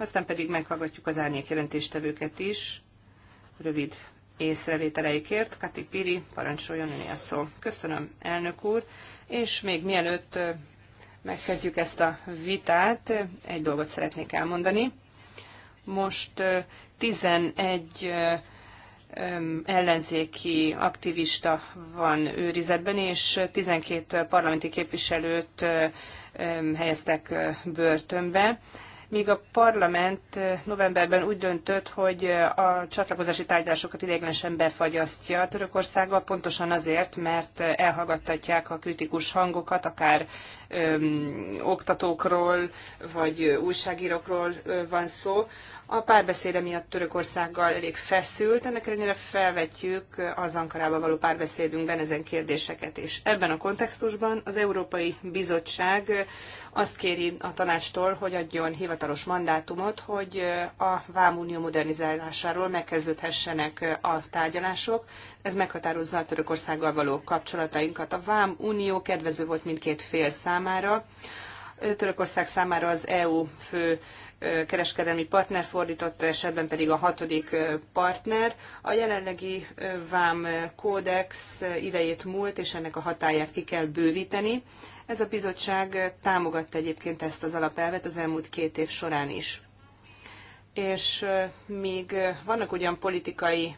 aztán pedig meghallgatjuk az árnyék jelentéstevőket is. Rövid észrevételeikért. Kati Piri, parancsoljon öné a szó. Köszönöm, elnök úr. És még mielőtt megkezdjük ezt a vitát, egy dolgot szeretnék elmondani. Most 11 ellenzéki aktivista van őrizetben, és 12 parlamenti képviselőt helyeztek börtönbe míg a parlament novemberben úgy döntött, hogy a csatlakozási tárgyalásokat ideiglenesen befagyasztja Törökországgal, pontosan azért, mert elhallgattatják a kritikus hangokat, akár öm, oktatókról vagy újságírókról van szó, a párbeszéde miatt Törökországgal elég feszült, ennek ellenére felvetjük az Ankarába való párbeszédünkben ezen kérdéseket is. Ebben a kontextusban az Európai Bizottság azt kéri a tanácstól, hogy adjon hivatalos mandátumot, hogy a Vámunió modernizálásáról megkezdődhessenek a tárgyalások. Ez meghatározza a Törökországgal való kapcsolatainkat. A Vámunió kedvező volt mindkét fél számára. Törökország számára az EU fő kereskedelmi partner, és esetben pedig a hatodik partner. A jelenlegi vám kódex idejét múlt, és ennek a hatáját ki kell bővíteni. Ez a bizottság támogatta egyébként ezt az alapelvet az elmúlt két év során is. És még vannak ugyan politikai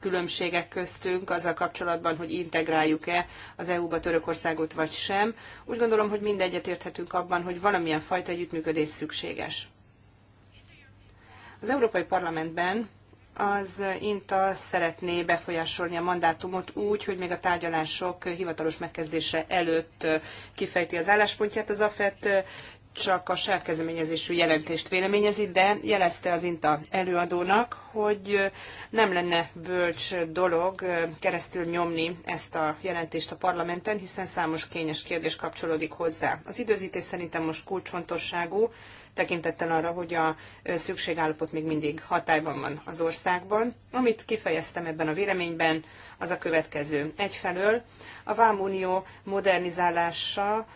különbségek köztünk azzal kapcsolatban, hogy integráljuk-e az EU-ba Törökországot vagy sem. Úgy gondolom, hogy mindegyet érthetünk abban, hogy valamilyen fajta együttműködés szükséges. Az Európai Parlamentben az INTA szeretné befolyásolni a mandátumot úgy, hogy még a tárgyalások hivatalos megkezdése előtt kifejti az álláspontját. Az AFET csak a saját kezdeményezésű jelentést véleményezi, de jelezte az INTA előadónak, hogy nem lenne bölcs dolog keresztül nyomni ezt a jelentést a parlamenten, hiszen számos kényes kérdés kapcsolódik hozzá. Az időzítés szerintem most kulcsfontosságú, tekintettel arra, hogy a szükségállapot még mindig hatályban van az országban. Amit kifejeztem ebben a véleményben, az a következő. Egyfelől a Vámunió modernizálása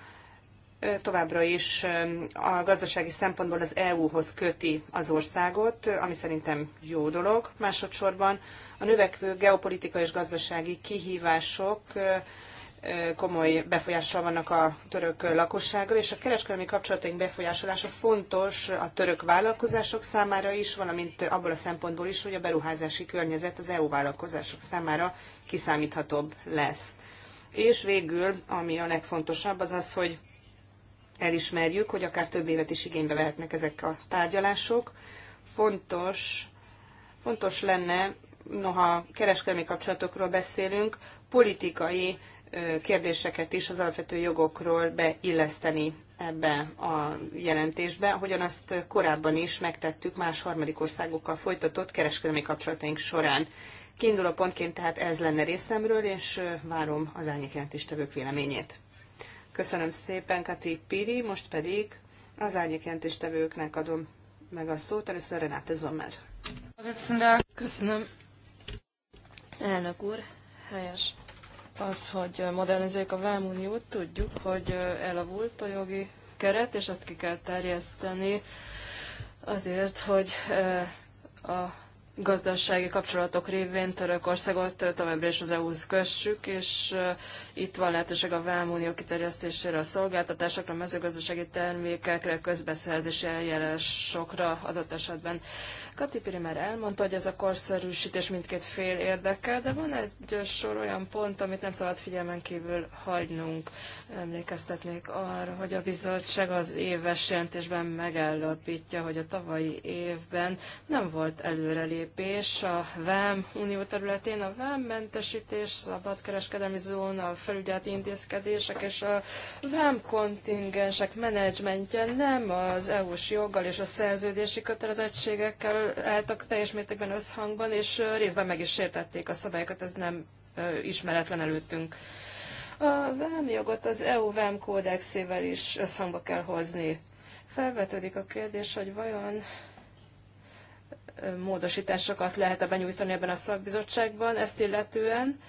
továbbra is a gazdasági szempontból az EU-hoz köti az országot, ami szerintem jó dolog. Másodszorban a növekvő geopolitikai és gazdasági kihívások komoly befolyással vannak a török lakosságra, és a kereskedelmi kapcsolataink befolyásolása fontos a török vállalkozások számára is, valamint abból a szempontból is, hogy a beruházási környezet az EU vállalkozások számára kiszámíthatóbb lesz. És végül, ami a legfontosabb, az az, hogy elismerjük, hogy akár több évet is igénybe vehetnek ezek a tárgyalások. Fontos, fontos lenne, noha kereskedelmi kapcsolatokról beszélünk, politikai kérdéseket is az alapvető jogokról beilleszteni ebbe a jelentésbe, ahogyan azt korábban is megtettük más harmadik országokkal folytatott kereskedelmi kapcsolataink során. Kiinduló pontként tehát ez lenne részemről, és várom az árnyékjelentéstevők véleményét. Köszönöm szépen, Kati Piri, most pedig az árnyékjelentéstevőknek adom meg a szót. Először Renáte Zomer. Köszönöm. Elnök úr, helyes az, hogy modernizáljuk a vámuniót, tudjuk, hogy elavult a jogi keret, és ezt ki kell terjeszteni azért, hogy eh, a gazdasági kapcsolatok révén Törökországot továbbra is az EU-hoz kössük, és uh, itt van lehetőség a vámunió kiterjesztésére, a szolgáltatásokra, a mezőgazdasági termékekre, közbeszerzési eljárásokra adott esetben. Kati Piri már elmondta, hogy ez a korszerűsítés mindkét fél érdekel, de van egy sor olyan pont, amit nem szabad figyelmen kívül hagynunk. Emlékeztetnék arra, hogy a bizottság az éves jelentésben megállapítja, hogy a tavalyi évben nem volt előrelépés lépés a VEM unió területén, a VEM mentesítés, szabadkereskedelmi zóna, a felügyeleti intézkedések és a VEM kontingensek menedzsmentje nem az EU-s joggal és a szerződési kötelezettségekkel álltak teljes mértékben összhangban, és részben meg is sértették a szabályokat, ez nem ismeretlen előttünk. A VEM jogot az EU VEM kódexével is összhangba kell hozni. Felvetődik a kérdés, hogy vajon módosításokat lehet-e benyújtani ebben a szakbizottságban ezt illetően.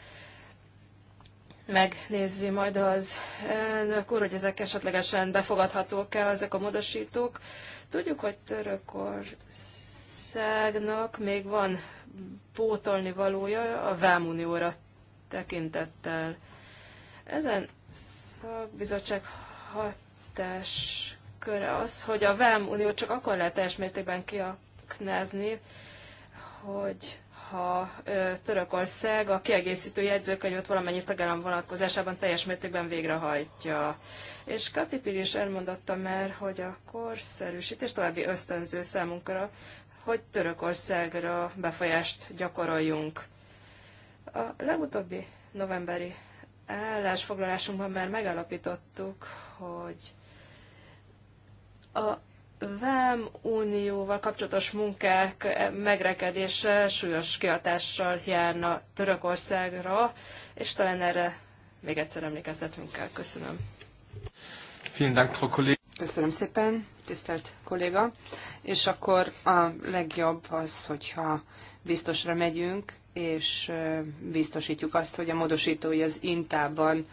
Megnézi majd az elnök úr, hogy ezek esetlegesen befogadhatók-e ezek a módosítók. Tudjuk, hogy Törökországnak még van pótolni valója a Vámunióra tekintettel. Ezen szakbizottság hatás köre az, hogy a VAM Unió csak akkor lehet teljes mértékben aknázni, hogy ha Törökország a kiegészítő jegyzőkönyvet valamennyi tagállam vonatkozásában teljes mértékben végrehajtja. És Katipir is elmondotta már, hogy a korszerűsítés további ösztönző számunkra, hogy Törökországra befolyást gyakoroljunk. A legutóbbi novemberi állásfoglalásunkban már megalapítottuk, hogy a Vám Unióval kapcsolatos munkák megrekedése súlyos kihatással járna Törökországra, és talán erre még egyszer emlékeztetnünk kell. Köszönöm. Köszönöm szépen, tisztelt kolléga. És akkor a legjobb az, hogyha biztosra megyünk, és biztosítjuk azt, hogy a módosítói az intában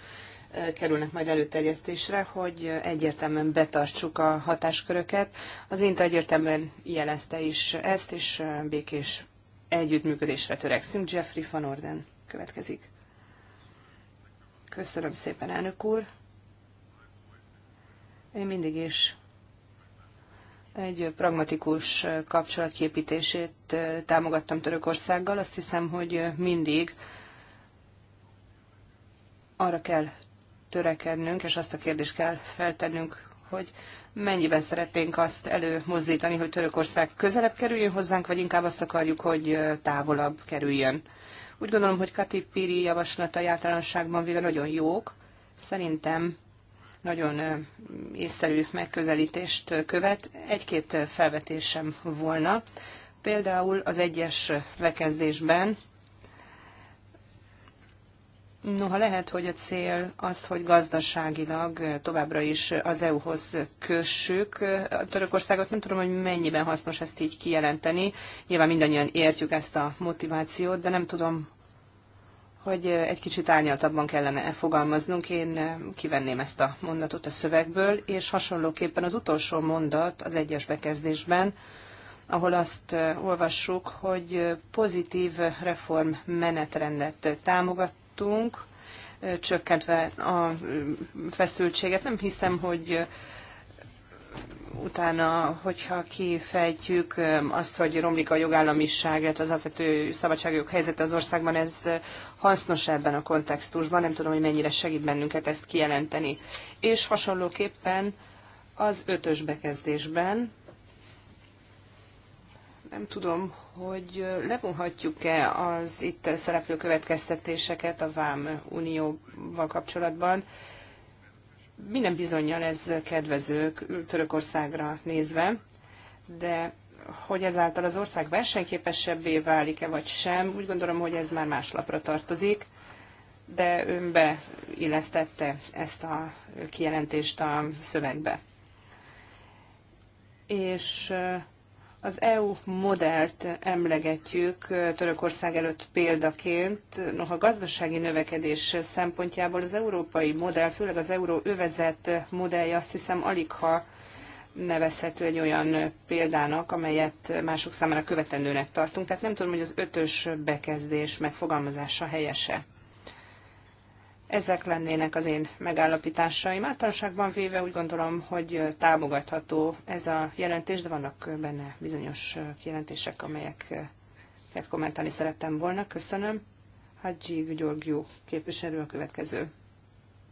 kerülnek majd előterjesztésre, hogy egyértelműen betartsuk a hatásköröket. Az INTA egyértelműen jelezte is ezt, és békés együttműködésre törekszünk. Jeffrey van Orden következik. Köszönöm szépen, elnök úr. Én mindig is egy pragmatikus kapcsolatképítését támogattam Törökországgal. Azt hiszem, hogy mindig arra kell törekednünk, és azt a kérdést kell feltennünk, hogy mennyiben szeretnénk azt előmozdítani, hogy Törökország közelebb kerüljön hozzánk, vagy inkább azt akarjuk, hogy távolabb kerüljön. Úgy gondolom, hogy Kati Piri javaslata általánosságban véve nagyon jók. Szerintem nagyon észszerű megközelítést követ. Egy-két felvetésem volna. Például az egyes bekezdésben Noha lehet, hogy a cél az, hogy gazdaságilag továbbra is az EU-hoz kössük a Törökországot. Nem tudom, hogy mennyiben hasznos ezt így kijelenteni. Nyilván mindannyian értjük ezt a motivációt, de nem tudom, hogy egy kicsit árnyaltabban kellene fogalmaznunk. Én kivenném ezt a mondatot a szövegből, és hasonlóképpen az utolsó mondat az egyes bekezdésben, ahol azt olvassuk, hogy pozitív reform menetrendet támogat, tartunk, csökkentve a feszültséget. Nem hiszem, hogy utána, hogyha kifejtjük azt, hogy romlik a jogállamiság, illetve az alapvető szabadságjog helyzet az országban, ez hasznos ebben a kontextusban, nem tudom, hogy mennyire segít bennünket ezt kijelenteni. És hasonlóképpen az ötös bekezdésben, nem tudom, hogy levonhatjuk-e az itt szereplő következtetéseket a Vám Unióval kapcsolatban. Minden bizonyal ez kedvező Törökországra nézve, de hogy ezáltal az ország versenyképesebbé válik-e vagy sem, úgy gondolom, hogy ez már más lapra tartozik, de önbe illesztette ezt a kijelentést a szövegbe. És az EU modellt emlegetjük Törökország előtt példaként, noha gazdasági növekedés szempontjából az európai modell, főleg az euró övezet modellje azt hiszem alig ha nevezhető egy olyan példának, amelyet mások számára követendőnek tartunk. Tehát nem tudom, hogy az ötös bekezdés megfogalmazása helyese. Ezek lennének az én megállapításaim. Általánosságban véve úgy gondolom, hogy támogatható ez a jelentés, de vannak benne bizonyos jelentések, amelyeket kommentálni szerettem volna. Köszönöm. Hadzsi Gyorgiú képviselő a következő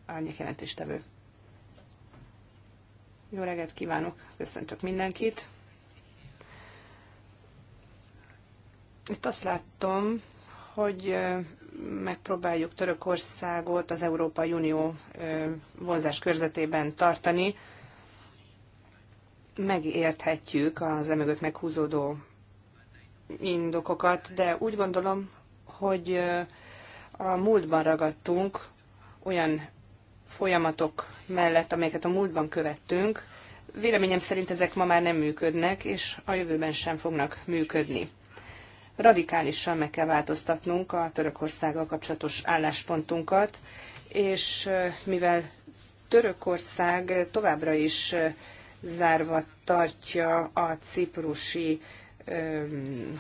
árnyék jelentéstevő. Jó reggelt kívánok, köszöntök mindenkit. Itt azt látom, hogy megpróbáljuk Törökországot az Európai Unió vonzás körzetében tartani, megérthetjük az emögött meghúzódó indokokat, de úgy gondolom, hogy a múltban ragadtunk olyan folyamatok mellett, amelyeket a múltban követtünk. Véleményem szerint ezek ma már nem működnek, és a jövőben sem fognak működni radikálisan meg kell változtatnunk a Törökországgal kapcsolatos álláspontunkat, és mivel Törökország továbbra is zárva tartja a ciprusi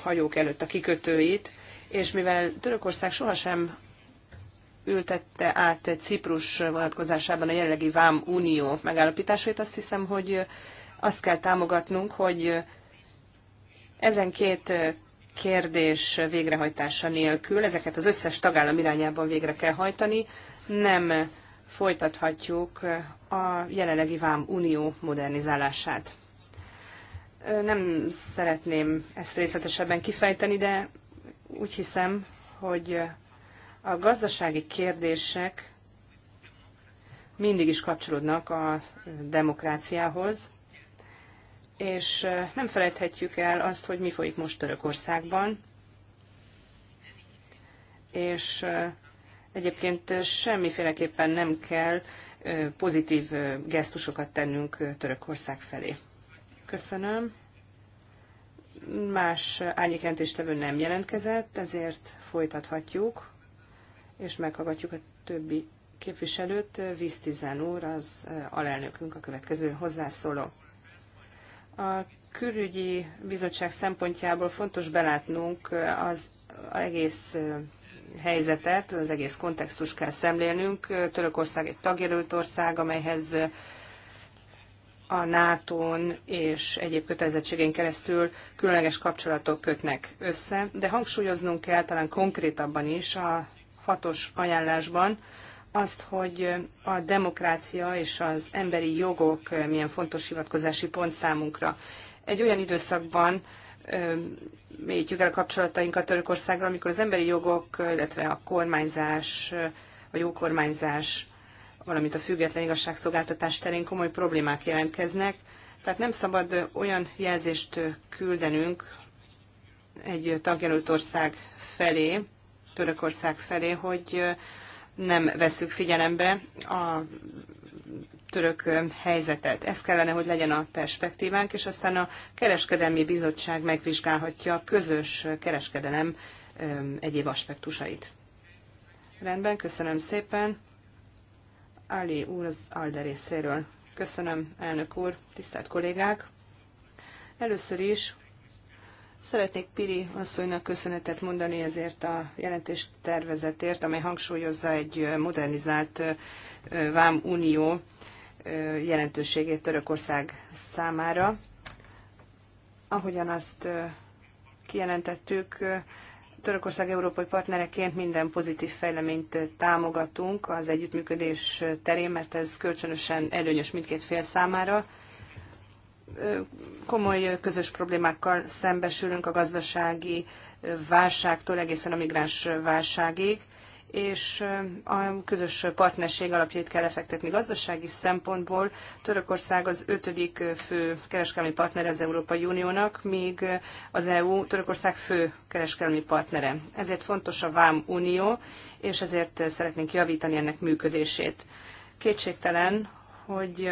hajók előtt a kikötőit, és mivel Törökország sohasem ültette át Ciprus vonatkozásában a jelenlegi Vám Unió megállapításait, azt hiszem, hogy azt kell támogatnunk, hogy ezen két kérdés végrehajtása nélkül. Ezeket az összes tagállam irányában végre kell hajtani. Nem folytathatjuk a jelenlegi Vám Unió modernizálását. Nem szeretném ezt részletesebben kifejteni, de úgy hiszem, hogy a gazdasági kérdések mindig is kapcsolódnak a demokráciához, és nem felejthetjük el azt, hogy mi folyik most Törökországban, és egyébként semmiféleképpen nem kell pozitív gesztusokat tennünk Törökország felé. Köszönöm. Más árnyékjelentéstevő nem jelentkezett, ezért folytathatjuk, és meghallgatjuk a többi képviselőt. Víztizen úr, az alelnökünk a következő hozzászóló. A külügyi bizottság szempontjából fontos belátnunk az egész helyzetet, az egész kontextust kell szemlélnünk. Törökország egy tagjelölt ország, amelyhez a NATO-n és egyéb kötelezettségén keresztül különleges kapcsolatok kötnek össze, de hangsúlyoznunk kell talán konkrétabban is a hatos ajánlásban, azt, hogy a demokrácia és az emberi jogok milyen fontos hivatkozási pont számunkra. Egy olyan időszakban mélyítjük el a kapcsolatainkat Törökországgal, amikor az emberi jogok, illetve a kormányzás, a jó kormányzás, valamint a független igazságszolgáltatás terén komoly problémák jelentkeznek. Tehát nem szabad olyan jelzést küldenünk egy tagjelölt ország felé, Törökország felé, hogy nem vesszük figyelembe a török helyzetet. Ez kellene, hogy legyen a perspektívánk, és aztán a kereskedelmi bizottság megvizsgálhatja a közös kereskedelem egyéb aspektusait. Rendben, köszönöm szépen. Ali úr az Alde részéről. Köszönöm, elnök úr, tisztelt kollégák. Először is Szeretnék Piri asszonynak köszönetet mondani ezért a jelentést tervezetért, amely hangsúlyozza egy modernizált Vám Unió jelentőségét Törökország számára. Ahogyan azt kijelentettük, Törökország európai partnereként minden pozitív fejleményt támogatunk az együttműködés terén, mert ez kölcsönösen előnyös mindkét fél számára komoly közös problémákkal szembesülünk a gazdasági válságtól egészen a migráns válságig, és a közös partnerség alapjait kell lefektetni gazdasági szempontból. Törökország az ötödik fő kereskedelmi partnere az Európai Uniónak, míg az EU Törökország fő kereskedelmi partnere. Ezért fontos a Vám Unió, és ezért szeretnénk javítani ennek működését. Kétségtelen, hogy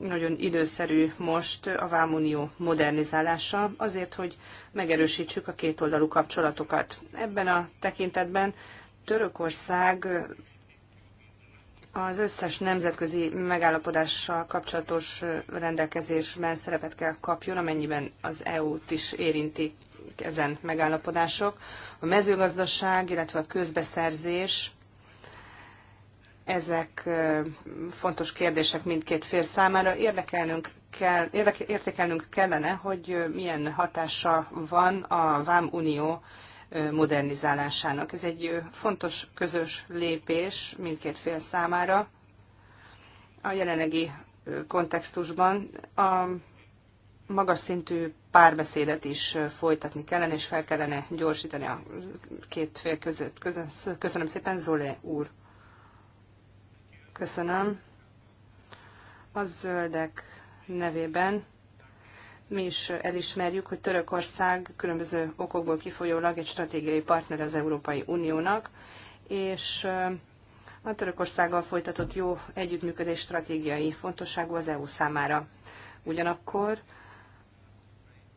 nagyon időszerű most a Vámunió modernizálása, azért, hogy megerősítsük a kétoldalú kapcsolatokat. Ebben a tekintetben Törökország az összes nemzetközi megállapodással kapcsolatos rendelkezésben szerepet kell kapjon, amennyiben az EU-t is érinti ezen megállapodások. A mezőgazdaság, illetve a közbeszerzés ezek fontos kérdések mindkét fél számára. Érdekelnünk kell, érdek, értékelnünk kellene, hogy milyen hatása van a Vám Unió modernizálásának. Ez egy fontos közös lépés mindkét fél számára. A jelenlegi kontextusban a magas szintű párbeszédet is folytatni kellene, és fel kellene gyorsítani a két fél között. Köszönöm szépen, Zole úr! Köszönöm. A zöldek nevében mi is elismerjük, hogy Törökország különböző okokból kifolyólag egy stratégiai partner az Európai Uniónak, és a Törökországgal folytatott jó együttműködés stratégiai fontosságú az EU számára. Ugyanakkor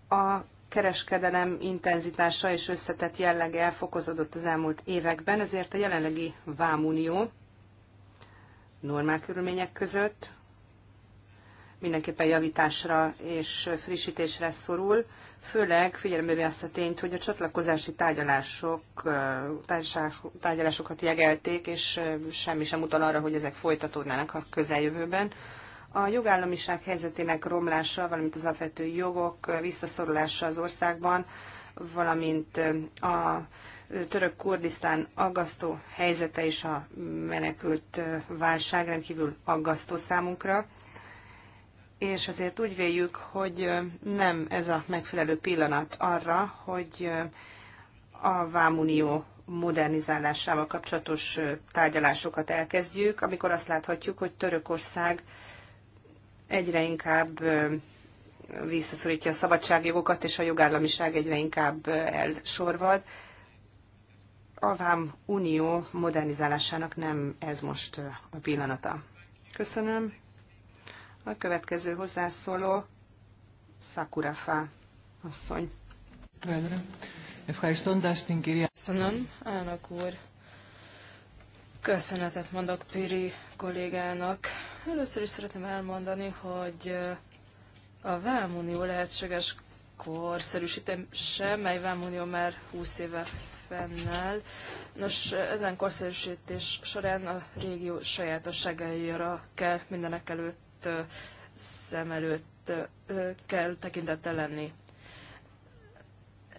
a kereskedelem intenzitása és összetett jellege fokozódott az elmúlt években, ezért a jelenlegi vámunió normál körülmények között. Mindenképpen javításra és frissítésre szorul, főleg figyelembe azt a tényt, hogy a csatlakozási tárgyalások, tárgyalásokat jegelték, és semmi sem utal arra, hogy ezek folytatódnának a közeljövőben. A jogállamiság helyzetének romlása, valamint az alapvető jogok visszaszorulása az országban, valamint a török Kurdisztán aggasztó helyzete és a menekült válság rendkívül aggasztó számunkra, és azért úgy véljük, hogy nem ez a megfelelő pillanat arra, hogy a Vámunió modernizálásával kapcsolatos tárgyalásokat elkezdjük, amikor azt láthatjuk, hogy Törökország egyre inkább visszaszorítja a szabadságjogokat, és a jogállamiság egyre inkább elsorvad a Vám Unió modernizálásának nem ez most a pillanata. Köszönöm. A következő hozzászóló Sakurafa asszony. Köszönöm, elnök úr. Köszönetet mondok Piri kollégának. Először is szeretném elmondani, hogy a Vámunió lehetséges korszerűsítése, mely Vámunió már 20 éve fennáll. Nos, ezen korszerűsítés során a régió sajátosságaira kell mindenek előtt szem előtt kell tekintettel lenni.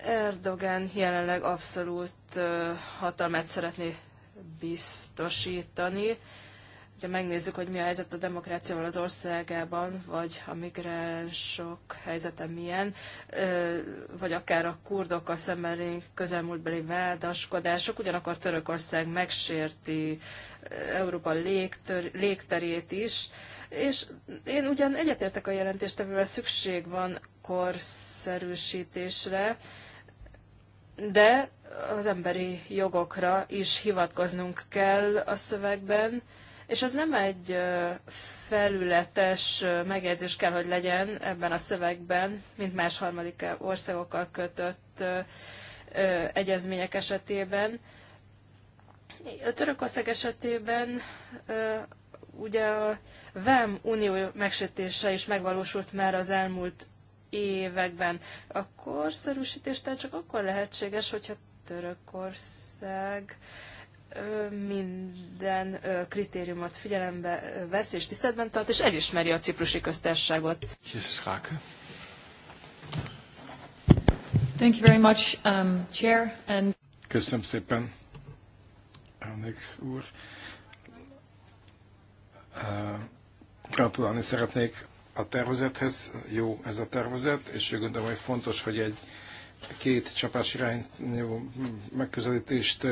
Erdogan jelenleg abszolút hatalmát szeretné biztosítani, ha megnézzük, hogy mi a helyzet a demokráciával az országában, vagy a migránsok helyzete milyen, vagy akár a kurdokkal szembeni közelmúltbeli vádaskodások, ugyanakkor Törökország megsérti Európa légtör, légterét is, és én ugyan egyetértek a jelentéstevővel, szükség van korszerűsítésre, de az emberi jogokra is hivatkoznunk kell a szövegben, és ez nem egy felületes megjegyzés kell, hogy legyen ebben a szövegben, mint más harmadik országokkal kötött egyezmények esetében. A Törökország esetében ugye a VEM unió megsütése is megvalósult már az elmúlt években. A korszerűsítés csak akkor lehetséges, hogyha Törökország minden kritériumot figyelembe vesz és tiszteletben tart, és elismeri a ciprusi köztársaságot. Thank you very much, um, Chair. And... Köszönöm szépen, elnök úr. Gratulálni szeretnék a tervezethez. Jó ez a tervezet, és úgy gondolom, hogy fontos, hogy egy két csapás irányú megközelítést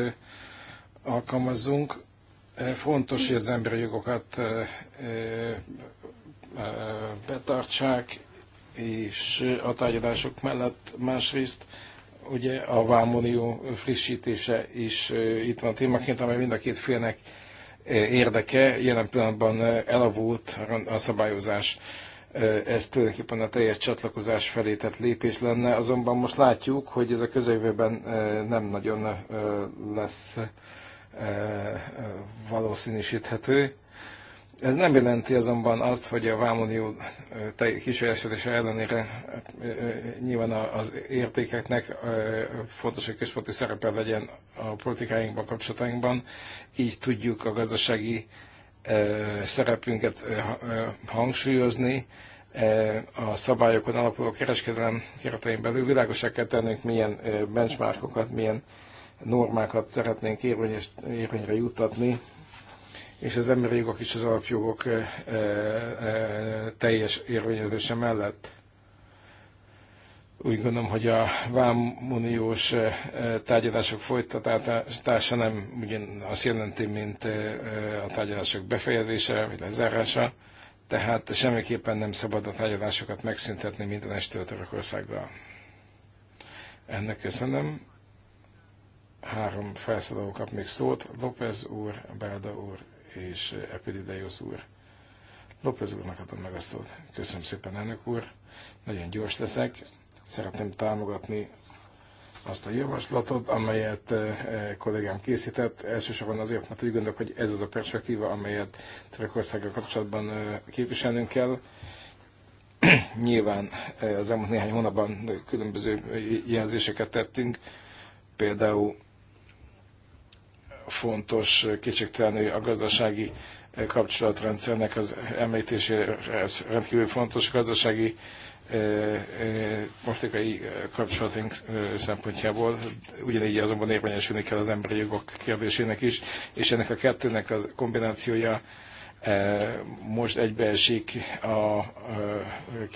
alkalmazzunk. E, fontos, hogy az emberi jogokat e, e, betartsák, és a tárgyalások mellett másrészt ugye a vámonió frissítése is itt van témaként, amely mind a két félnek érdeke. Jelen pillanatban elavult a szabályozás. Ez tulajdonképpen a teljes csatlakozás felé tett lépés lenne, azonban most látjuk, hogy ez a közeljövőben nem nagyon lesz E, e, valószínűsíthető. Ez nem jelenti azonban azt, hogy a Vámunió e, kísérletesedése ellenére nyilván az értékeknek fontos, hogy központi szerepe legyen a politikáinkban, kapcsolatainkban. Így tudjuk a gazdasági szerepünket hangsúlyozni. A szabályokon alapuló kereskedelem keretein belül világosá kell tennünk, milyen benchmarkokat, milyen normákat szeretnénk érvényes, érvényre juttatni, és az emberi jogok és az alapjogok e, e, e, teljes érvényezése mellett úgy gondolom, hogy a vámuniós tárgyalások folytatása nem ugyan azt jelenti, mint a tárgyalások befejezése, vagy lezárása, tehát semmiképpen nem szabad a tárgyalásokat megszüntetni minden estől Törökországgal. Ennek köszönöm. Három felszólaló kap még szót, López úr, Belda úr és Epidideios úr. López úrnak adom meg a szót. Köszönöm szépen, elnök úr. Nagyon gyors leszek. Szeretném támogatni azt a javaslatot, amelyet eh, kollégám készített, elsősorban azért, mert úgy gondolok, hogy ez az a perspektíva, amelyet Törökországgal kapcsolatban eh, képviselnünk kell. Nyilván eh, az elmúlt néhány hónapban különböző jelzéseket tettünk, például fontos kétségtelenül a gazdasági eh, kapcsolatrendszernek az említésére, ez rendkívül fontos a gazdasági eh, eh, politikai kapcsolatunk szempontjából. Ugyanígy azonban érvényesülni kell az emberi jogok kérdésének is, és ennek a kettőnek a kombinációja most egybeesik a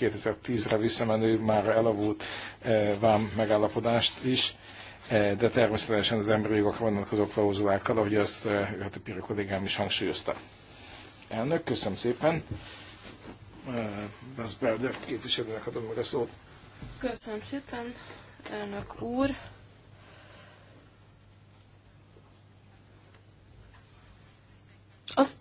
2010-re visszamenő, már elavult vám megállapodást is, Eh, de természetesen az emberi jogokra vonatkozó klauzulákkal, ahogy azt a eh, Pira kollégám is hangsúlyozta. Elnök, köszönöm szépen. Ez eh, Berder képviselőnek adom meg a szót. Köszönöm szépen, elnök úr. Azt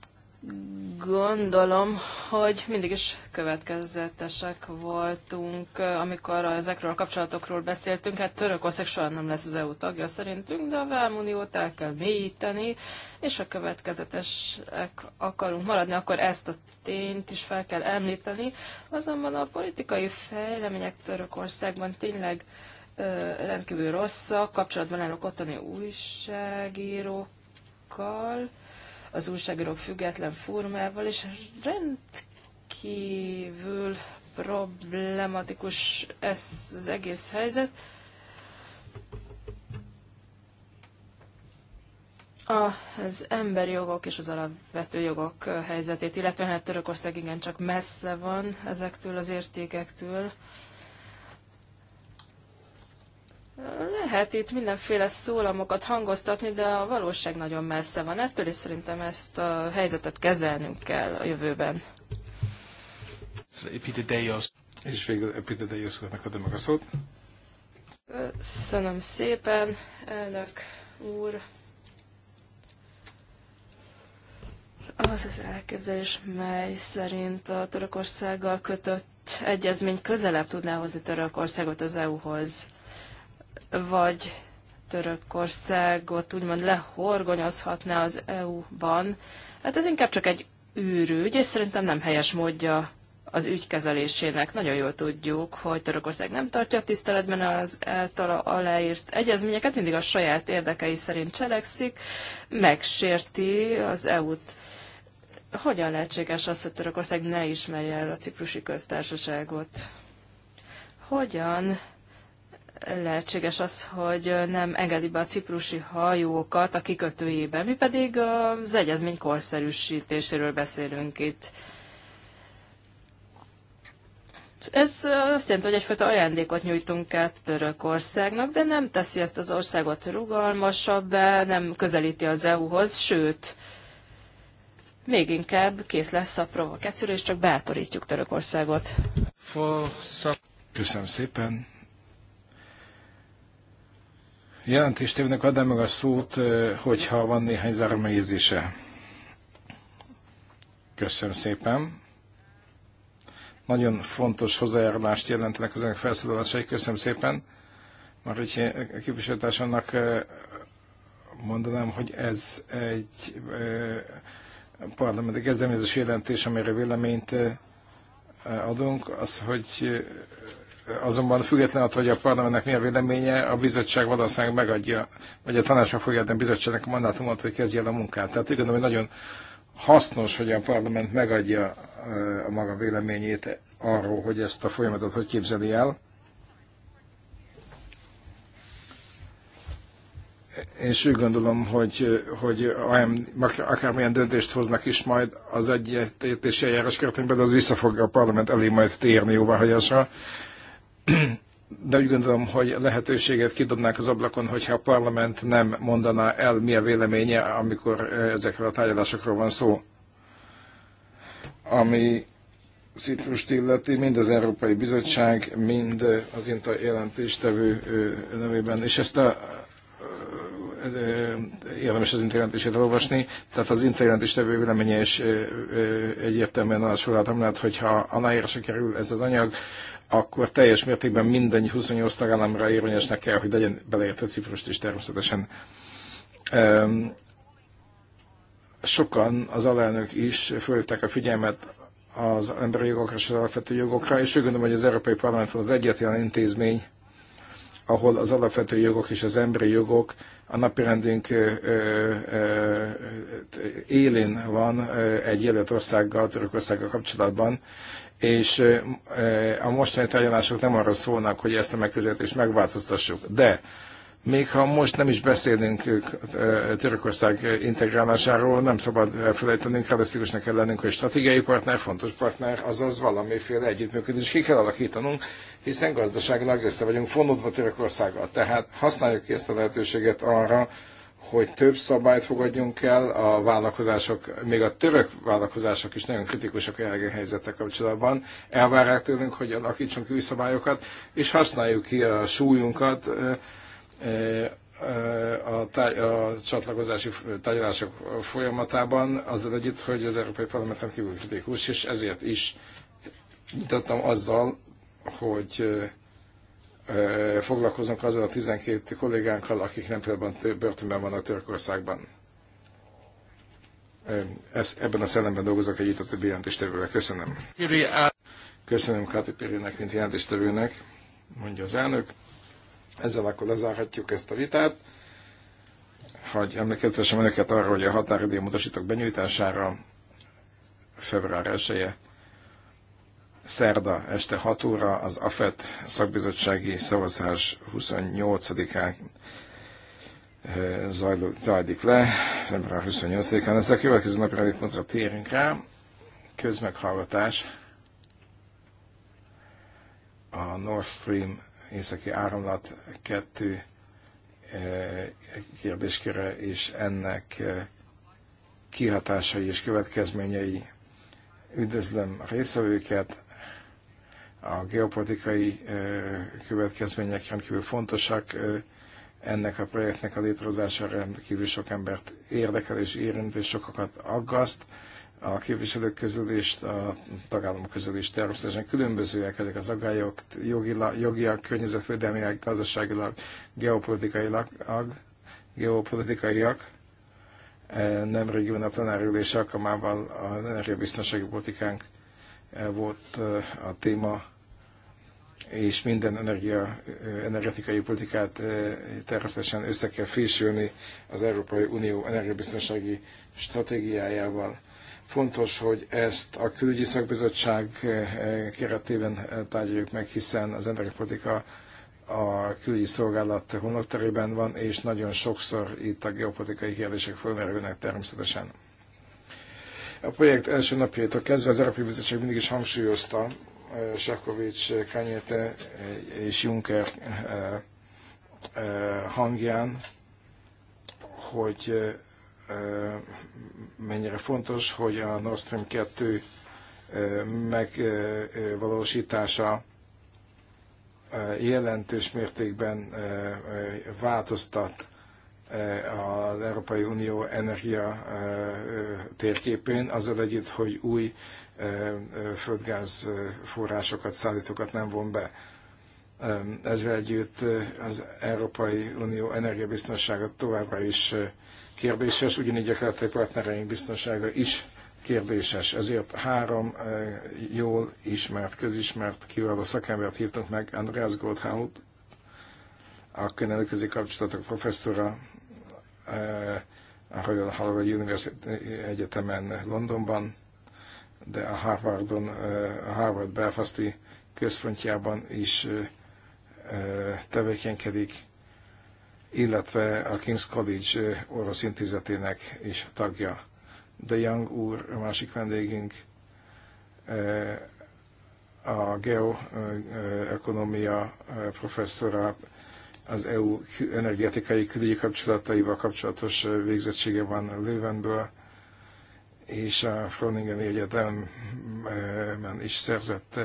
gondolom, hogy mindig is következetesek voltunk, amikor ezekről a kapcsolatokról beszéltünk. Hát Törökország soha nem lesz az EU tagja szerintünk, de a Vámuniót el kell mélyíteni, és ha következetesek akarunk maradni, akkor ezt a tényt is fel kell említeni. Azonban a politikai fejlemények Törökországban tényleg ö, rendkívül rosszak, kapcsolatban állok ottani újságírókkal, az újságírók független formával, és rendkívül problematikus ez az egész helyzet. az emberi jogok és az alapvető jogok helyzetét, illetve hát Törökország igencsak messze van ezektől az értékektől, lehet itt mindenféle szólamokat hangoztatni, de a valóság nagyon messze van ettől, és szerintem ezt a helyzetet kezelnünk kell a jövőben. És végül úrnak adom meg a szót. Köszönöm szépen, elnök úr. Az az elképzelés, mely szerint a Törökországgal kötött egyezmény közelebb tudná hozni Törökországot az EU-hoz vagy Törökországot úgymond lehorgonyozhatná az EU-ban. Hát ez inkább csak egy űrügy, és szerintem nem helyes módja az ügykezelésének. Nagyon jól tudjuk, hogy Törökország nem tartja tiszteletben az általa aláírt egyezményeket, mindig a saját érdekei szerint cselekszik, megsérti az EU-t. Hogyan lehetséges az, hogy Törökország ne ismerje el a ciprusi köztársaságot? Hogyan lehetséges az, hogy nem engedi be a ciprusi hajókat a kikötőjébe. Mi pedig az egyezmény korszerűsítéséről beszélünk itt. Ez azt jelenti, hogy egyfajta ajándékot nyújtunk át Törökországnak, de nem teszi ezt az országot rugalmasabbá, nem közelíti az EU-hoz, sőt, még inkább kész lesz a provokációra, és csak bátorítjuk Törökországot. Köszönöm szépen. Jelentéstévnek adnám meg a szót, hogyha van néhány zárományézése. Köszönöm szépen. Nagyon fontos hozzájárulást jelentenek az önök felszólalásai. Köszönöm szépen. Már egy képviselőtársamnak mondanám, hogy ez egy parlamenti kezdeményezés jelentés, amire véleményt adunk, az, hogy Azonban független attól, hogy a parlamentnek mi a véleménye, a bizottság valószínűleg megadja, vagy a tanács meg fogja adni a bizottságnak a mandátumot, hogy kezdje el a munkát. Tehát úgy gondolom, hogy nagyon hasznos, hogy a parlament megadja eh, a maga véleményét arról, hogy ezt a folyamatot hogy képzeli el. Én úgy gondolom, hogy, hogy akármilyen döntést hoznak is majd az egyetértési eljárás keretében, az vissza fog a parlament elé majd térni jóváhagyásra de úgy gondolom, hogy lehetőséget kidobnák az ablakon, hogyha a parlament nem mondaná el, mi a véleménye, amikor ezekről a tárgyalásokról van szó. Ami Ciprust illeti, mind az Európai Bizottság, mind az INTA jelentéstevő nevében, és ezt a érdemes az interjelentését olvasni, tehát az interjelentéstevő véleménye is egyértelműen az sorát hogyha aláírásra kerül ez az anyag, akkor teljes mértékben minden 28 tagállamra érvényesnek kell, hogy legyen beleértve Ciprust is természetesen. Sokan, az alelnök is föltek a figyelmet az emberi jogokra és az alapvető jogokra, és úgy gondolom, hogy az Európai Parlament van az egyetlen intézmény, ahol az alapvető jogok és az emberi jogok a napirendünk élén van egy jelölt országgal, Törökországgal kapcsolatban, és a mostani tárgyalások nem arra szólnak, hogy ezt a megközelítést megváltoztassuk. De még ha most nem is beszélünk Törökország integrálásáról, nem szabad elfelejtenünk, realisztikusnak kell lennünk, hogy stratégiai partner, fontos partner, azaz valamiféle együttműködés ki kell alakítanunk, hiszen gazdaságilag össze vagyunk fonódva Törökországgal. Tehát használjuk ki ezt a lehetőséget arra, hogy több szabályt fogadjunk el, a vállalkozások, még a török vállalkozások is nagyon kritikusak a jelenlegi helyzetek kapcsolatban. Elvárják tőlünk, hogy alakítsunk új szabályokat, és használjuk ki a súlyunkat a, táj, a csatlakozási tárgyalások folyamatában, azzal együtt, hogy az Európai Parlament rendkívül kritikus, és ezért is nyitottam azzal, hogy foglalkozunk azzal a 12 kollégánkkal, akik nem például börtönben vannak Törökországban. Ez, ebben a szellemben dolgozok együtt a többi jelentéstevővel. Köszönöm. Köszönöm Káti Pirinek, mint jelentéstevőnek, mondja az elnök. Ezzel akkor lezárhatjuk ezt a vitát. Hogy emlékeztessem önöket arra, hogy a határidő módosítók benyújtására február 1 -e szerda este 6 óra az AFET szakbizottsági szavazás 28-án eh, zajlik le, február 28-án. Ezzel a következő napra pontra térünk rá. Közmeghallgatás a Nord Stream északi áramlat 2 eh, kérdéskére és ennek eh, kihatásai és következményei. Üdvözlöm a részvevőket, a geopolitikai következmények rendkívül fontosak, ennek a projektnek a létrehozása rendkívül sok embert érdekel és érint, és sokakat aggaszt. A képviselők közül és a tagállamok közül is természetesen különbözőek ezek az aggályok, jogilag, jogiak, környezetvédelmiak, gazdaságilag, geopolitikailag, ag, geopolitikaiak. E, jön a tanárülés alkalmával az energiabiztonsági politikánk volt a téma, és minden energia, energetikai politikát természetesen össze kell fésülni az Európai Unió energiabiztonsági stratégiájával. Fontos, hogy ezt a külügyi szakbizottság keretében tárgyaljuk meg, hiszen az energiapolitika a külügyi szolgálat honlokterében van, és nagyon sokszor itt a geopolitikai kérdések fölmerülnek természetesen. A projekt első napjaitól kezdve az Európai Bizottság mindig is hangsúlyozta eh, Sakovics, eh, Kanyete eh, és Juncker hangján, hogy mennyire fontos, hogy a Nord Stream 2 megvalósítása jelentős mértékben változtat Eh, az Európai Unió energia eh, térképén, azzal együtt, hogy új eh, földgáz forrásokat, szállítókat nem von be. Ezzel együtt az Európai Unió energiabiztonsága továbbra is kérdéses, ugyanígy a keleti partnereink biztonsága is kérdéses. Ezért három jól ismert, közismert, kiváló szakembert hívtunk meg, Andreas Goldhaut, a könyvelőközi kapcsolatok professzora, Eh, a Royal Harvard University Egyetemen Londonban, de a Harvardon, eh, a Harvard Belfasti központjában is eh, tevékenykedik, illetve a King's College orosz intézetének is tagja. De Young úr, a másik vendégünk, a geoekonomia professzora az EU energetikai külügyi kapcsolataival kapcsolatos végzettsége van Löwenből, és a Froningen Egyetemben is szerzett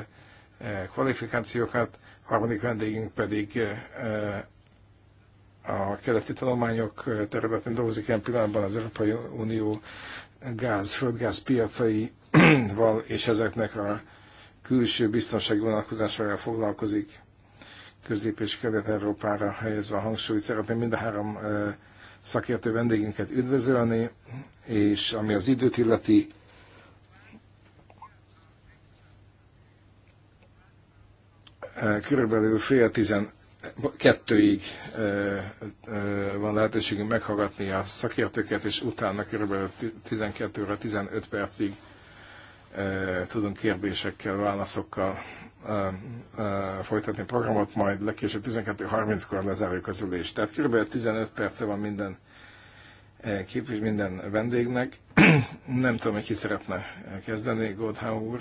kvalifikációkat. Harmadik vendégünk pedig a keleti tanulmányok területén dolgozik ilyen pillanatban az Európai Unió gáz, földgáz piacaival, és ezeknek a külső biztonsági vonatkozására foglalkozik Közép- és Kelet-Európára helyezve a hangsúlyt. Szeretném mind a három szakértő vendégünket üdvözölni, és ami az időt illeti, körülbelül fél tizen kettőig van lehetőségünk meghallgatni a szakértőket, és utána körülbelül 12 óra 15 percig tudunk kérdésekkel, válaszokkal folytatni a programot, majd legkésőbb 12.30-kor lezárjuk az ülést. Tehát kb. 15 perce van minden képvis minden vendégnek. Nem tudom, hogy ki szeretne kezdeni, Godhá úr.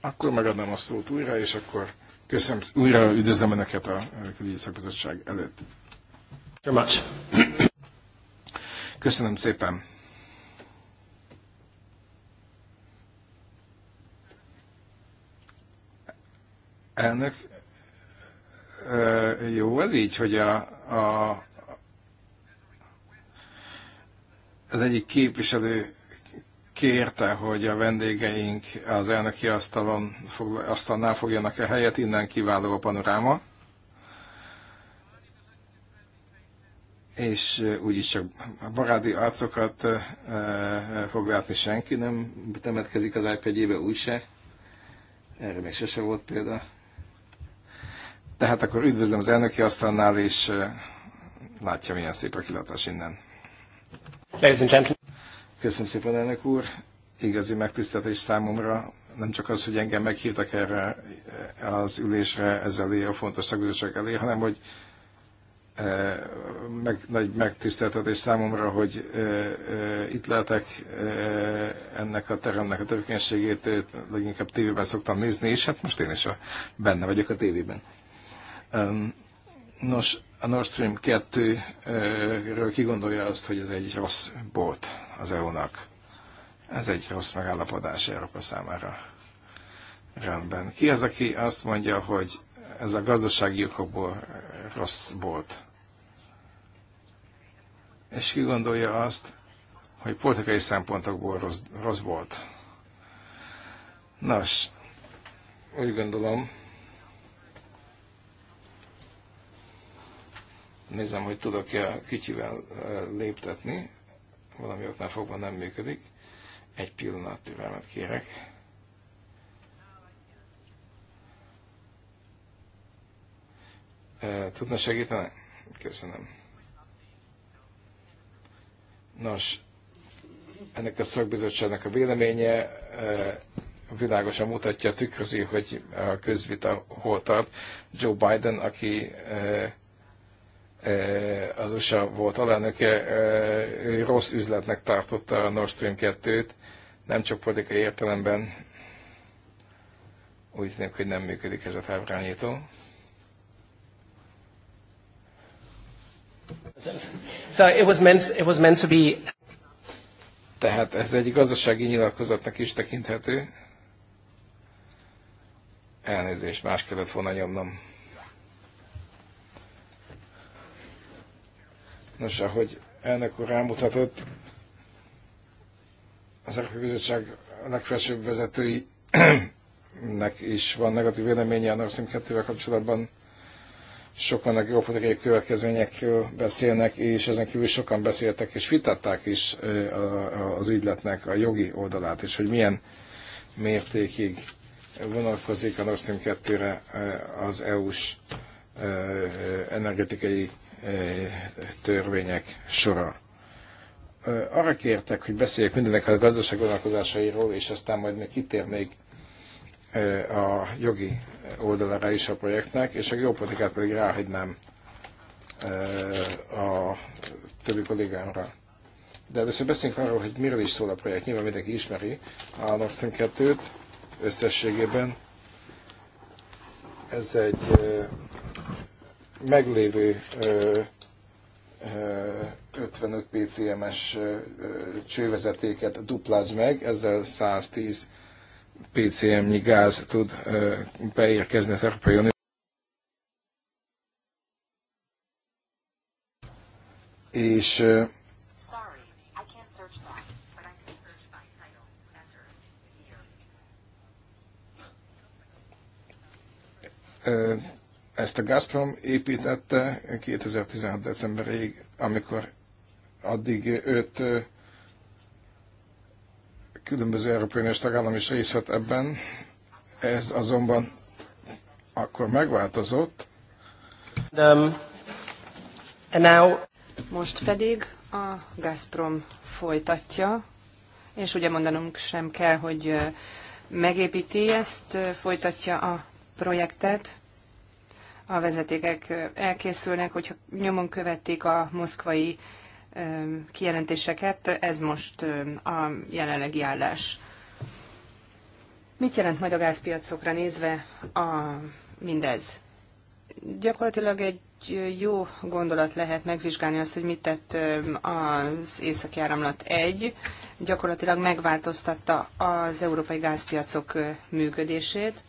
Akkor megadnám a szót újra, és akkor köszönöm, újra üdvözlöm Önöket a külügyi szakbizottság előtt. Köszönöm szépen. Elnök, jó, az így, hogy a, a, az egyik képviselő kérte, hogy a vendégeink az elnöki asztalon, asztalnál fogjanak a helyet, innen kiváló a panoráma. És úgyis csak barádi arcokat e, fog látni senki, nem temetkezik az ipad úgyse. Erre még sose volt példa. Tehát akkor üdvözlöm az elnöki asztalnál, és látja, milyen szép a kilátás innen. Köszönöm szépen, elnök úr. Igazi megtiszteltés számomra, nem csak az, hogy engem meghívtak erre az ülésre, ez elé, a fontos szakbizottság elé, hanem hogy meg, nagy megtiszteltetés számomra, hogy e, e, itt lehetek e, ennek a teremnek a tevékenységét, leginkább tévében szoktam nézni, és hát most én is a, benne vagyok a tévében. Nos, a Nord Stream 2-ről gondolja azt, hogy ez egy rossz bot az EU-nak. Ez egy rossz megállapodás Európa számára. Rendben. Ki az, aki azt mondja, hogy ez a gazdasági okokból rossz bot? És ki gondolja azt, hogy politikai szempontokból rossz, rossz Nos, úgy gondolom, Nézem, hogy tudok-e a kütyüvel léptetni. Valami oknál fogva nem működik. Egy pillanat türelmet kérek. Tudna segíteni? Köszönöm. Nos, ennek a szakbizottságnak a véleménye világosan mutatja, tükrözi, hogy a közvita hol tart. Joe Biden, aki Eh, az USA volt alelnöke, eh, rossz üzletnek tartotta a Nord Stream 2-t, nem csak politikai értelemben, úgy tűnik, hogy nem működik ez a távrányító. So it was meant, it was meant to be... Tehát ez egy gazdasági nyilatkozatnak is tekinthető. Elnézést, más kellett volna nyomnom. Nos, ahogy elnök úr rámutatott, az Európai Bizottság legfelsőbb vezetőinek is van negatív véleménye a Nord Stream 2-vel kapcsolatban. Sokan a geopolitikai következményekről beszélnek, és ezen kívül sokan beszéltek és vitatták is az ügyletnek a jogi oldalát, és hogy milyen mértékig vonatkozik a Nord Stream 2-re az EU-s energetikai törvények sora. Arra kértek, hogy beszéljek mindenek a gazdaság vonalkozásairól, és aztán majd még kitérnék a jogi oldalára is a projektnek, és a geopolitikát pedig ráhagynám a többi kollégámra. De először beszéljünk arról, hogy miről is szól a projekt. Nyilván mindenki ismeri a Nord Stream 2-t összességében. Ez egy meglévő 55 PCMS csővezetéket dupláz meg, ezzel 110 PCM-nyi gáz tud beérkezni az Európai Unió. És Sorry, ezt a Gazprom építette 2016. decemberig, amikor addig őt különböző Európai Uniós tagállam is részt vett ebben. Ez azonban akkor megváltozott. Um, and now... Most pedig a Gazprom folytatja, és ugye mondanunk sem kell, hogy megépíti ezt, folytatja a projektet, a vezetékek elkészülnek, hogyha nyomon követték a moszkvai kijelentéseket, ez most a jelenlegi állás. Mit jelent majd a gázpiacokra nézve a, mindez? Gyakorlatilag egy jó gondolat lehet megvizsgálni azt, hogy mit tett az északi áramlat egy. Gyakorlatilag megváltoztatta az európai gázpiacok működését.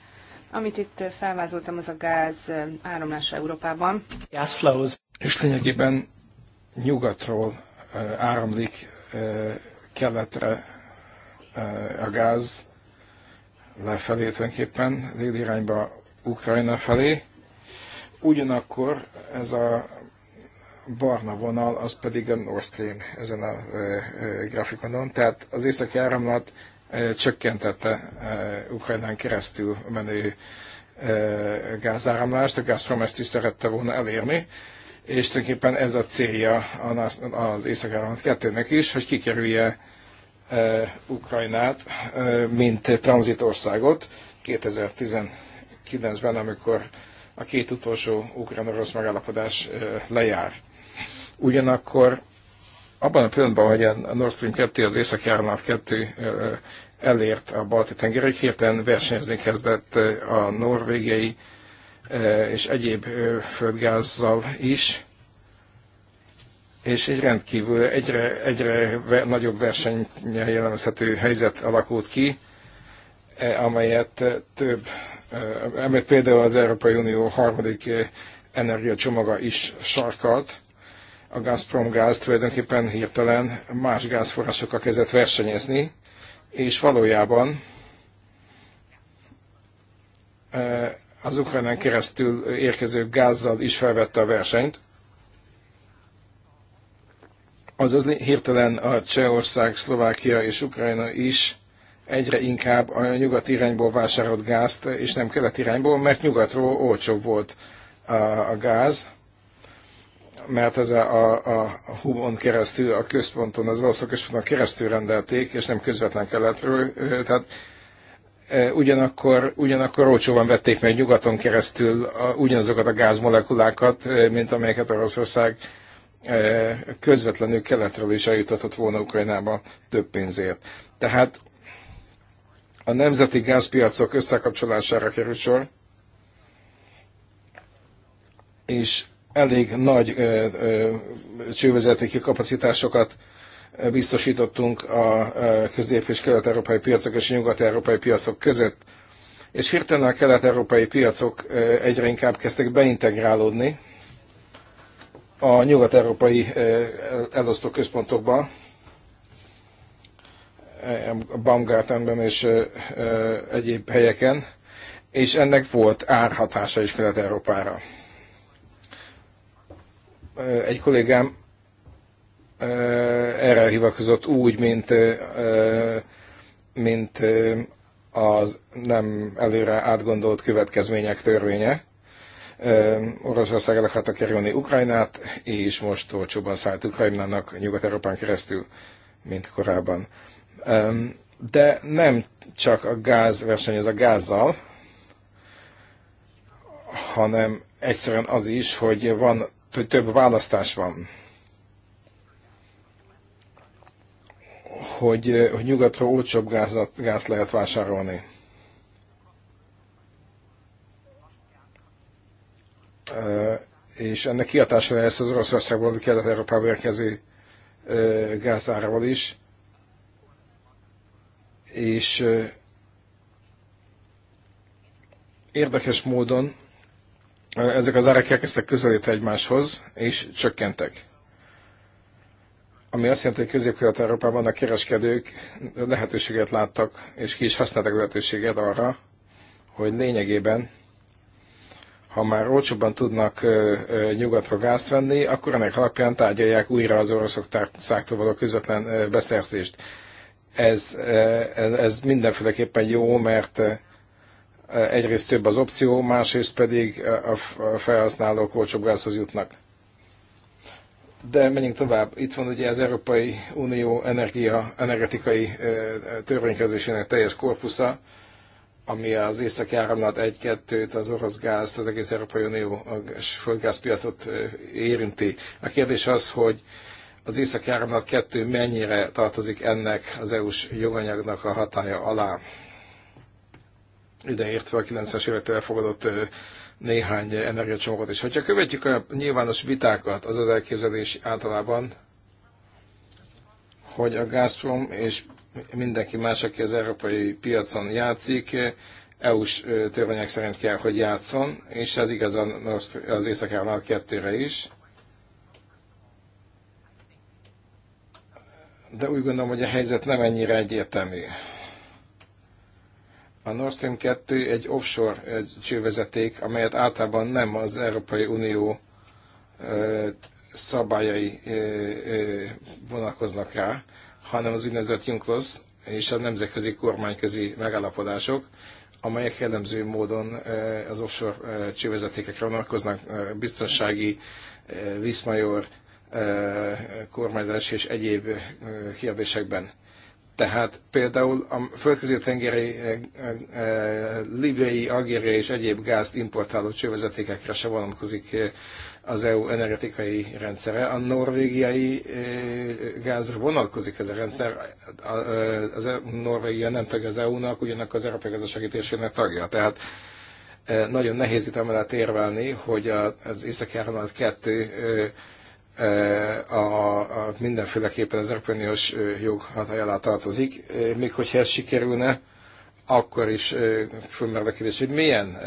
Amit itt felvázoltam, az a gáz áramlása Európában. Gas flows. És lényegében nyugatról eh, áramlik eh, keletre eh, a gáz lefelé tulajdonképpen, délirányba Ukrajna felé. Ugyanakkor ez a barna vonal, az pedig a Nord Stream ezen a grafikonon. Tehát az északi áramlat csökkentette Ukrajnán keresztül menő gázáramlást, a Gazprom ezt is szerette volna elérni, és tulajdonképpen ez a célja az Észak-Áramlat nek is, hogy kikerülje Ukrajnát, mint tranzitországot 2019-ben, amikor a két utolsó ukrán-orosz megállapodás lejár. Ugyanakkor abban a pillanatban, hogy a Nord Stream 2, az északi áramlat 2 elért a balti tengerig, hirtelen versenyezni kezdett a norvégiai és egyéb földgázzal is, és egy rendkívül egyre, egyre nagyobb versenyen jellemezhető helyzet alakult ki, amelyet több, amelyet például az Európai Unió harmadik energiacsomaga is sarkalt, a Gazprom gáz tulajdonképpen hirtelen más gázforrásokkal kezdett versenyezni, és valójában e, az Ukrajnán keresztül érkező gázzal is felvette a versenyt. Azaz hirtelen a Csehország, Szlovákia és Ukrajna is egyre inkább a nyugat irányból vásárolt gázt, és nem kelet irányból, mert nyugatról olcsóbb volt a gáz mert ez a, a, a hubon keresztül, a központon, az orosz központon keresztül rendelték, és nem közvetlen keletről. Tehát ugyanakkor, ugyanakkor olcsóban vették meg nyugaton keresztül a, ugyanazokat a gázmolekulákat, mint amelyeket Oroszország közvetlenül keletről is eljutatott volna Ukrajnába több pénzért. Tehát a nemzeti gázpiacok összekapcsolására került sor, és elég nagy csővezetéki kapacitásokat biztosítottunk a közép- és kelet-európai piacok és a nyugat-európai piacok között, és hirtelen a kelet-európai piacok egyre inkább kezdtek beintegrálódni a nyugat-európai elosztó központokba, Baumgartenben és egyéb helyeken, és ennek volt árhatása is Kelet-Európára egy kollégám erre hivatkozott úgy, mint, mint az nem előre átgondolt következmények törvénye. Oroszország el akarta kerülni Ukrajnát, és most olcsóban szállt Ukrajnának Nyugat-Európán keresztül, mint korábban. De nem csak a gáz versenyez a gázzal, hanem egyszerűen az is, hogy van több választás van. Hogy, hogy nyugatra olcsóbb gázat, gáz lehet vásárolni. És ennek kihatása lesz az Oroszországból, Kelet-Európába érkező gázárval is. És érdekes módon ezek az árak elkezdtek közelíteni egymáshoz, és csökkentek. Ami azt jelenti, hogy közép európában a kereskedők lehetőséget láttak, és ki is használtak lehetőséget arra, hogy lényegében, ha már olcsóban tudnak nyugatra gázt venni, akkor ennek alapján tárgyalják újra az oroszok száktól való közvetlen beszerzést. Ez, ez mindenféleképpen jó, mert egyrészt több az opció, másrészt pedig a felhasználók olcsóbb gázhoz jutnak. De menjünk tovább. Itt van ugye az Európai Unió energia, energetikai törvénykezésének teljes korpusza, ami az északi áramlat 1-2-t, az orosz gázt, az egész Európai Unió földgázpiacot érinti. A kérdés az, hogy az északi áramlat 2 mennyire tartozik ennek az EU-s joganyagnak a hatája alá ideértve a 90-es évektől elfogadott néhány energiacsomagot is. Hogyha követjük a nyilvános vitákat, az az elképzelés általában, hogy a Gazprom és mindenki más, aki az európai piacon játszik, EU-s törvények szerint kell, hogy játszon, és ez igaz az észak kettőre is. De úgy gondolom, hogy a helyzet nem ennyire egyértelmű. A Nord Stream 2 egy offshore csővezeték, amelyet általában nem az Európai Unió szabályai vonatkoznak rá, hanem az úgynevezett Junklos és a nemzetközi kormányközi megállapodások, amelyek jellemző módon az offshore csővezetékekre vonatkoznak, biztonsági, viszmajor, kormányzás és egyéb kérdésekben. Tehát például a földközi tengeri eh, eh, eh, libiai, algériai és egyéb gázt importáló csővezetékekre se vonatkozik az EU energetikai rendszere. A norvégiai gázra vonatkozik ez a rendszer. a e Norvégia nem tagja az EU-nak, ugyanakkor az Európai Gazdasági Térségnek tagja. Tehát nagyon nehéz itt amellett érvelni, hogy az északi áramlat kettő Eh, a, a mindenféleképpen az Európai Uniós eh, jog hatája alá tartozik, eh, még hogyha ez sikerülne, akkor is fölmerül a kérdés, hogy milyen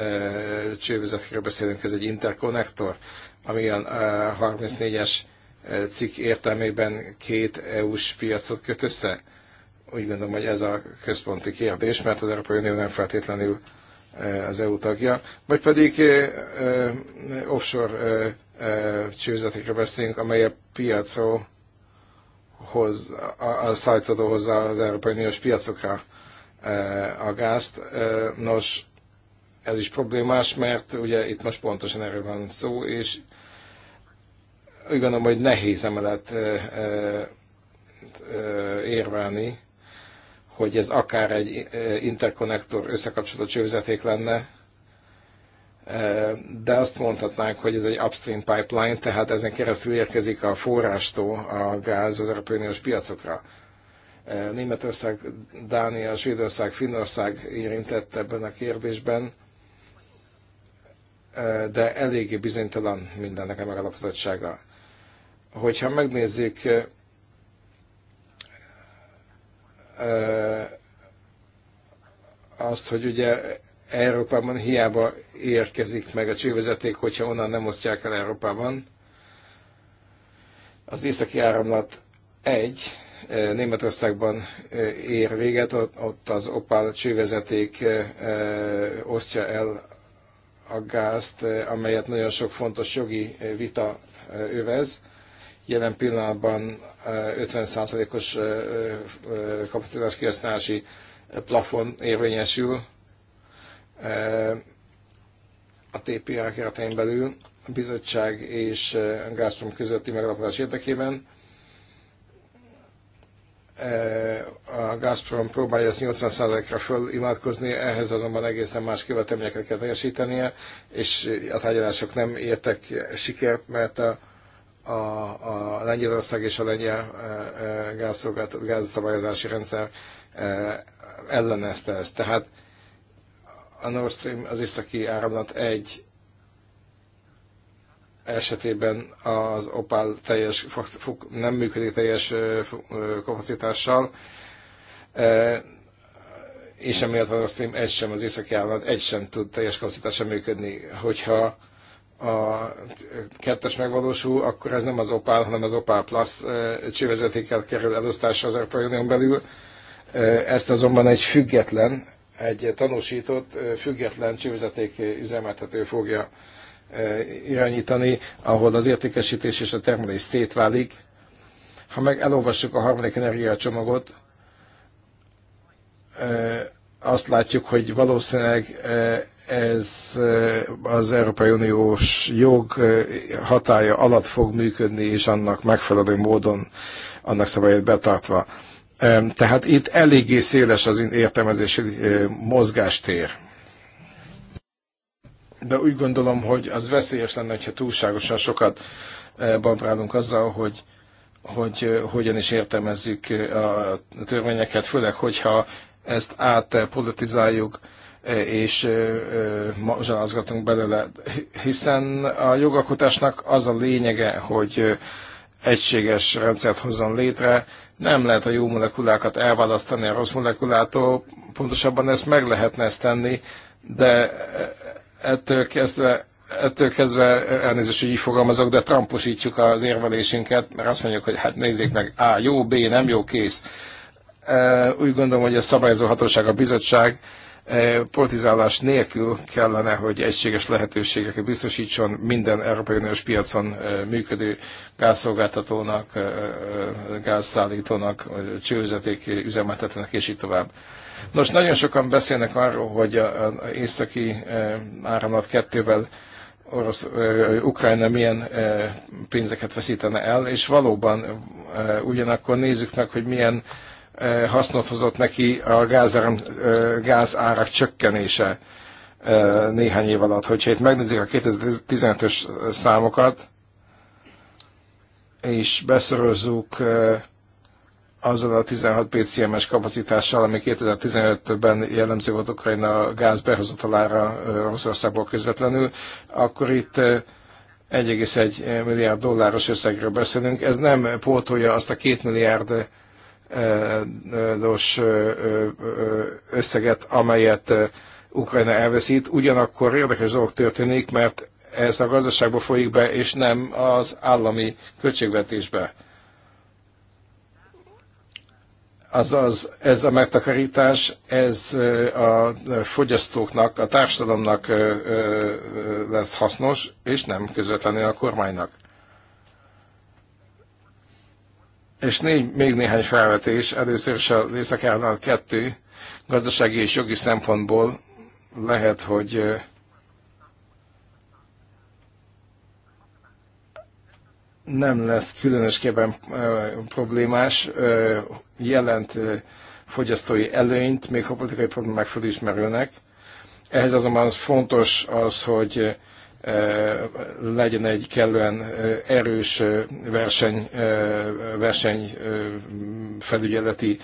csővezetkről beszélünk, ez egy interkonnektor, ami a 34-es cikk értelmében két EU-s piacot köt össze. Úgy gondolom, hogy ez a központi kérdés, mert az Európai Unió nem feltétlenül az EU tagja, vagy pedig offshore csőzetekre beszélünk, amely a piacról hoz, a, a szállítható hozzá az Európai Uniós piacokra a gázt. Nos, ez is problémás, mert ugye itt most pontosan erről van szó, és úgy gondolom, hogy nehéz e, érvelni, hogy ez akár egy interkonnektor összekapcsolódó csőzeték lenne, de azt mondhatnánk, hogy ez egy upstream pipeline, tehát ezen keresztül érkezik a forrástól a gáz az Európai Uniós piacokra. Németország, Dánia, Svédország, Finnország érintett ebben a kérdésben, de eléggé bizonytalan mindennek a megalapozottsága. Hogyha megnézzük azt, hogy ugye Európában hiába érkezik meg a csővezeték, hogyha onnan nem osztják el Európában. Az északi áramlat egy e, Németországban e, ér véget, ott az opál csővezeték e, osztja el a gázt, amelyet nagyon sok fontos jogi vita övez. Jelen pillanatban 50%-os kapacitás kihasználási plafon érvényesül, a TPA keretein belül a bizottság és a Gazprom közötti megalapodás érdekében. A Gazprom próbálja ezt 80%-ra fölimádkozni, ehhez azonban egészen más követelményeket kell teljesítenie, és a tárgyalások nem értek sikert, mert a, a, a Lengyelország és a lengyel gázszabályozási rendszer ellenezte ezt. Tehát a Nord Stream, az északi áramlat egy esetében az Opal teljes, nem működik teljes kapacitással, és emiatt a Nord Stream egy sem, az északi áramlat egy sem tud teljes kapacitással működni. Hogyha a kettes megvalósul, akkor ez nem az Opál, hanem az Opál Plus csővezetéket kerül elosztásra az Európai Unión belül. Ezt azonban egy független egy tanúsított, független csővezeték üzemeltető fogja irányítani, ahol az értékesítés és a termelés szétválik. Ha meg elolvassuk a harmadik energiacsomagot, azt látjuk, hogy valószínűleg ez az Európai Uniós jog hatája alatt fog működni, és annak megfelelő módon annak szabályát betartva. Tehát itt eléggé széles az értelmezési mozgástér. De úgy gondolom, hogy az veszélyes lenne, ha túlságosan sokat babrálunk azzal, hogy, hogy hogyan is értelmezzük a törvényeket, főleg, hogyha ezt átpolitizáljuk és zsalázgatunk belőle, hiszen a jogalkotásnak az a lényege, hogy egységes rendszert hozzon létre, nem lehet a jó molekulákat elválasztani a rossz molekulától, pontosabban ezt meg lehetne ezt tenni, de ettől kezdve ettől kezdve elnézést, hogy így fogalmazok, de tramposítjuk az érvelésünket, mert azt mondjuk, hogy hát nézzék meg, A jó, B nem jó, kész. Úgy gondolom, hogy a szabályozó hatóság, a bizottság politizálás nélkül kellene, hogy egységes lehetőségeket biztosítson minden Európai Uniós piacon működő gázszolgáltatónak, gázszállítónak, csőzeték üzemeltetőnek és így tovább. Nos, nagyon sokan beszélnek arról, hogy az északi áramlat kettővel Orosz, Ukrajna milyen pénzeket veszítene el, és valóban ugyanakkor nézzük meg, hogy milyen hasznot hozott neki a gázáram, gázárak csökkenése néhány év alatt. Hogyha itt megnézzük a 2015-ös számokat, és beszorozzuk azzal a 16 PCMS kapacitással, ami 2015-ben jellemző volt Ukrajna gáz behozatalára Oroszországból közvetlenül, akkor itt 1,1 milliárd dolláros összegről beszélünk. Ez nem pótolja azt a 2 milliárd dos összeget, amelyet Ukrajna elveszít. Ugyanakkor érdekes dolog történik, mert ez a gazdaságba folyik be, és nem az állami költségvetésbe. Azaz ez a megtakarítás, ez a fogyasztóknak, a társadalomnak lesz hasznos, és nem közvetlenül a kormánynak. És négy, még néhány felvetés. Először is az észak államnál kettő gazdasági és jogi szempontból lehet, hogy nem lesz különösképpen problémás, jelent fogyasztói előnyt, még ha politikai problémák felismerülnek. Ehhez azonban fontos az, hogy legyen egy kellően erős verseny, verseny felügyeleti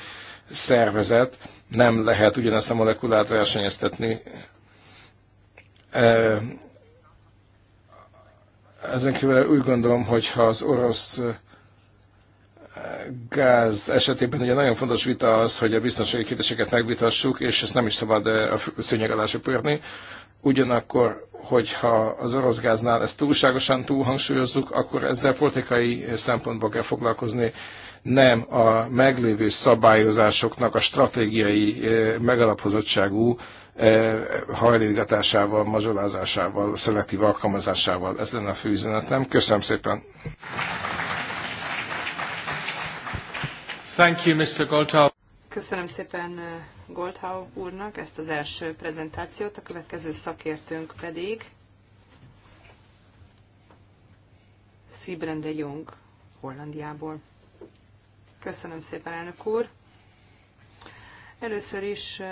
szervezet, nem lehet ugyanezt a molekulát versenyeztetni. Ezen kívül úgy gondolom, hogy ha az orosz gáz esetében ugye nagyon fontos vita az, hogy a biztonsági kérdéseket megvitassuk, és ezt nem is szabad a szőnyeg alá Ugyanakkor hogyha az orosz gáznál ezt túlságosan túlhangsúlyozzuk, akkor ezzel politikai szempontból kell foglalkozni, nem a meglévő szabályozásoknak a stratégiai eh, megalapozottságú eh, hajlítgatásával, mazsolázásával, szelektív alkalmazásával. Ez lenne a fő üzenetem. Köszönöm szépen! Thank you, Mr. Goltaw. Köszönöm szépen Goldhau úrnak ezt az első prezentációt, a következő szakértőnk pedig Sibren Jung Jong, Hollandiából. Köszönöm szépen, elnök úr! Először is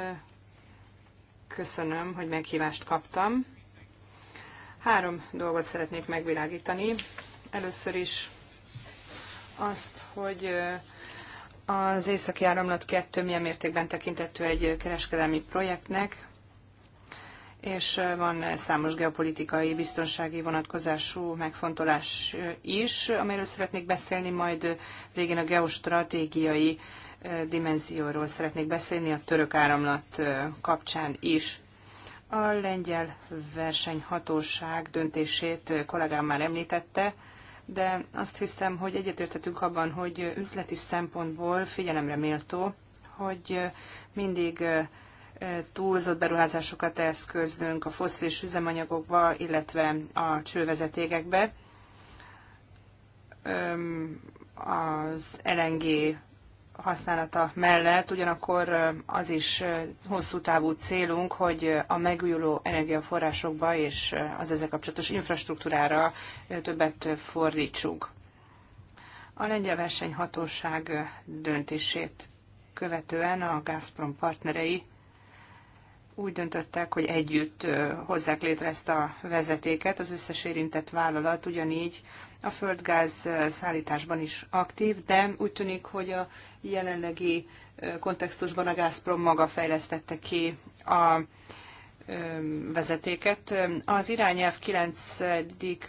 köszönöm, hogy meghívást kaptam. Három dolgot szeretnék megvilágítani. Először is azt, hogy az északi áramlat kettő milyen mértékben tekintető egy kereskedelmi projektnek, és van számos geopolitikai, biztonsági vonatkozású megfontolás is, amelyről szeretnék beszélni, majd végén a geostratégiai dimenzióról szeretnék beszélni a török áramlat kapcsán is. A lengyel versenyhatóság döntését kollégám már említette, de azt hiszem, hogy egyetérthetünk abban, hogy üzleti szempontból figyelemre méltó, hogy mindig túlzott beruházásokat eszközlünk a foszilis üzemanyagokba, illetve a csővezetékekbe. Az LNG használata mellett, ugyanakkor az is hosszú távú célunk, hogy a megújuló energiaforrásokba és az ezzel kapcsolatos infrastruktúrára többet fordítsuk. A lengyel versenyhatóság döntését követően a Gazprom partnerei úgy döntöttek, hogy együtt hozzák létre ezt a vezetéket. Az összes érintett vállalat ugyanígy a földgáz szállításban is aktív, de úgy tűnik, hogy a jelenlegi kontextusban a Gazprom maga fejlesztette ki a vezetéket. Az irányelv 9.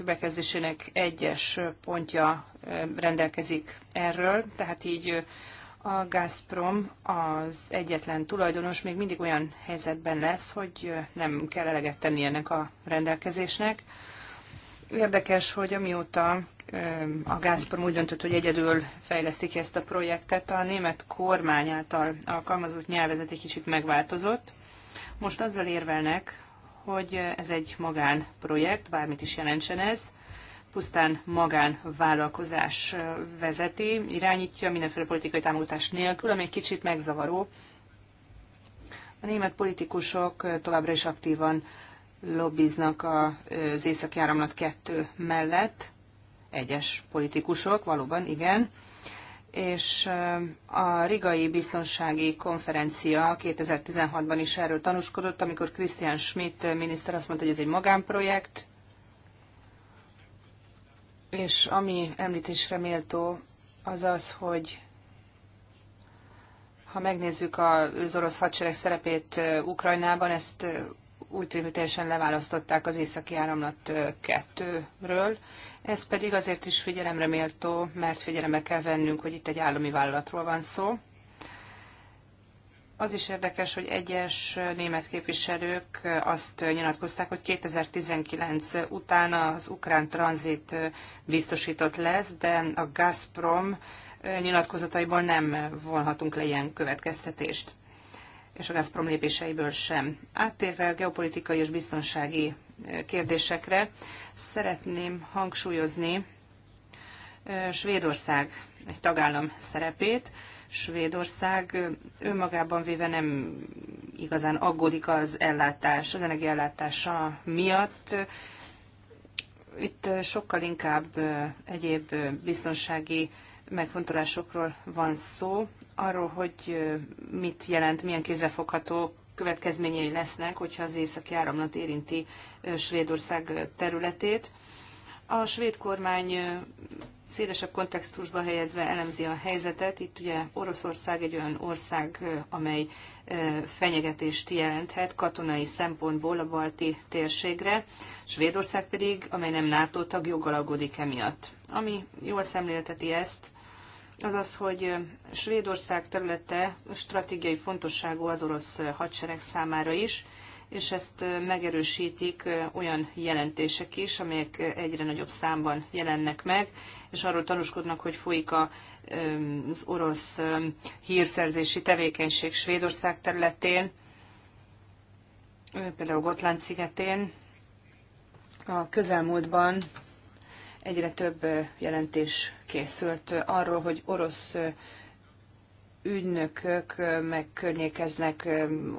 bekezdésének egyes pontja rendelkezik erről, tehát így a Gazprom az egyetlen tulajdonos még mindig olyan helyzetben lesz, hogy nem kell eleget tenni ennek a rendelkezésnek. Érdekes, hogy amióta a Gazprom úgy döntött, hogy egyedül fejlesztik ezt a projektet, a német kormány által alkalmazott nyelvezet egy kicsit megváltozott. Most azzal érvelnek, hogy ez egy magánprojekt, bármit is jelentsen ez, pusztán magánvállalkozás vezeti, irányítja mindenféle politikai támogatás nélkül, ami egy kicsit megzavaró. A német politikusok továbbra is aktívan lobbiznak az északi áramlat kettő mellett, egyes politikusok, valóban igen, és a Rigai Biztonsági Konferencia 2016-ban is erről tanúskodott, amikor Christian Schmidt miniszter azt mondta, hogy ez egy magánprojekt, és ami említésre méltó, az az, hogy ha megnézzük az orosz hadsereg szerepét Ukrajnában, ezt úgy tűnik, hogy teljesen leválasztották az északi áramlat kettőről. Ez pedig azért is figyelemre méltó, mert figyelembe kell vennünk, hogy itt egy állami vállalatról van szó. Az is érdekes, hogy egyes német képviselők azt nyilatkozták, hogy 2019 után az ukrán tranzit biztosított lesz, de a Gazprom nyilatkozataiból nem vonhatunk le ilyen következtetést és a Gazprom lépéseiből sem. Áttérve a geopolitikai és biztonsági kérdésekre, szeretném hangsúlyozni Svédország egy tagállam szerepét. Svédország önmagában véve nem igazán aggódik az ellátás, az energiállátása miatt. Itt sokkal inkább egyéb biztonsági megfontolásokról van szó, arról, hogy mit jelent, milyen kézzelfogható következményei lesznek, hogyha az északi áramlat érinti Svédország területét. A svéd kormány szélesebb kontextusba helyezve elemzi a helyzetet. Itt ugye Oroszország egy olyan ország, amely fenyegetést jelenthet katonai szempontból a balti térségre, Svédország pedig, amely nem NATO tag, jogal aggódik emiatt. Ami jól szemlélteti ezt, az az, hogy Svédország területe stratégiai fontosságú az orosz hadsereg számára is, és ezt megerősítik olyan jelentések is, amelyek egyre nagyobb számban jelennek meg, és arról tanúskodnak, hogy folyik az orosz hírszerzési tevékenység Svédország területén, például Gotland szigetén. A közelmúltban Egyre több jelentés készült arról, hogy orosz ügynökök megkörnyékeznek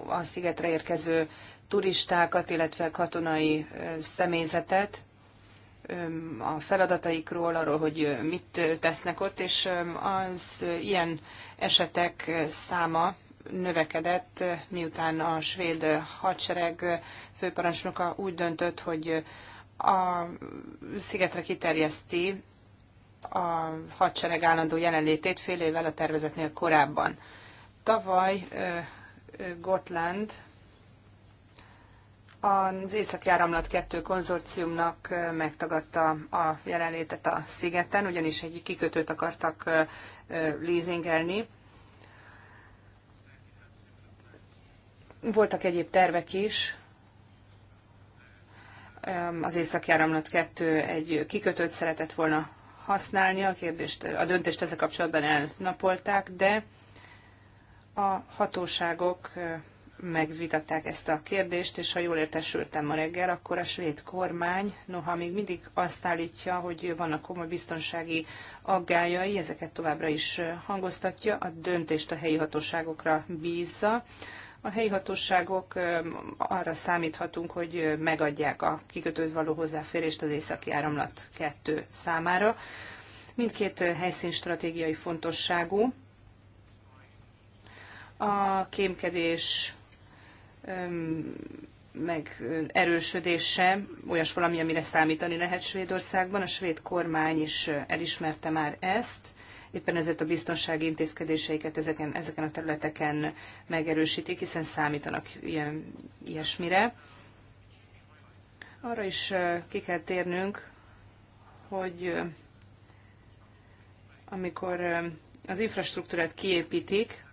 a szigetre érkező turistákat, illetve katonai személyzetet a feladataikról, arról, hogy mit tesznek ott, és az ilyen esetek száma növekedett, miután a svéd hadsereg főparancsnoka úgy döntött, hogy a szigetre kiterjeszti a hadsereg állandó jelenlétét fél évvel a tervezetnél korábban. Tavaly Gotland az Északi Áramlat 2 konzorciumnak megtagadta a jelenlétet a szigeten, ugyanis egy kikötőt akartak leasingelni. Voltak egyéb tervek is, az északi áramlat 2 egy kikötőt szeretett volna használni, a, kérdést, a döntést ezzel kapcsolatban elnapolták, de a hatóságok megvitatták ezt a kérdést, és ha jól értesültem ma reggel, akkor a svéd kormány, noha még mindig azt állítja, hogy vannak komoly biztonsági aggályai, ezeket továbbra is hangoztatja, a döntést a helyi hatóságokra bízza. A helyi hatóságok arra számíthatunk, hogy megadják a kikötőz való hozzáférést az északi áramlat 2 számára. Mindkét helyszín stratégiai fontosságú. A kémkedés meg erősödése, olyas valami, amire számítani lehet Svédországban. A svéd kormány is elismerte már ezt Éppen ezért a biztonsági intézkedéseiket ezeken, ezeken a területeken megerősítik, hiszen számítanak ilyen, ilyesmire. Arra is ki kell térnünk, hogy amikor az infrastruktúrát kiépítik,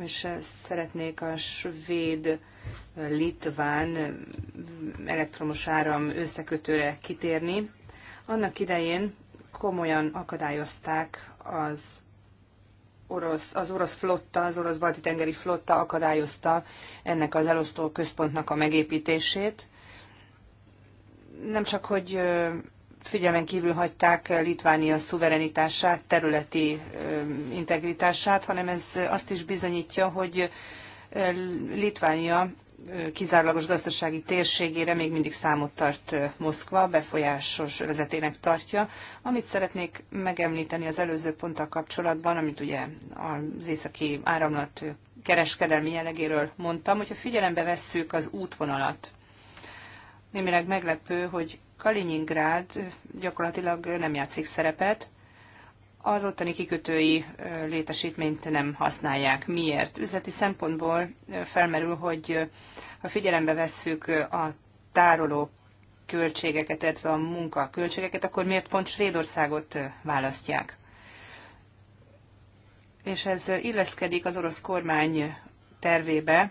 és szeretnék a svéd litván elektromos áram összekötőre kitérni. Annak idején komolyan akadályozták az orosz, az orosz flotta, az orosz balti tengeri flotta akadályozta ennek az elosztó központnak a megépítését. Nem csak, hogy figyelmen kívül hagyták Litvánia szuverenitását, területi integritását, hanem ez azt is bizonyítja, hogy Litvánia kizárólagos gazdasági térségére még mindig számot tart Moszkva, befolyásos vezetének tartja. Amit szeretnék megemlíteni az előző ponttal kapcsolatban, amit ugye az északi áramlat kereskedelmi jellegéről mondtam, hogyha figyelembe vesszük az útvonalat, némileg meglepő, hogy Kaliningrád gyakorlatilag nem játszik szerepet, az ottani kikötői létesítményt nem használják. Miért? Üzleti szempontból felmerül, hogy ha figyelembe vesszük a tároló költségeket, illetve a munka költségeket, akkor miért pont Svédországot választják? És ez illeszkedik az orosz kormány tervébe.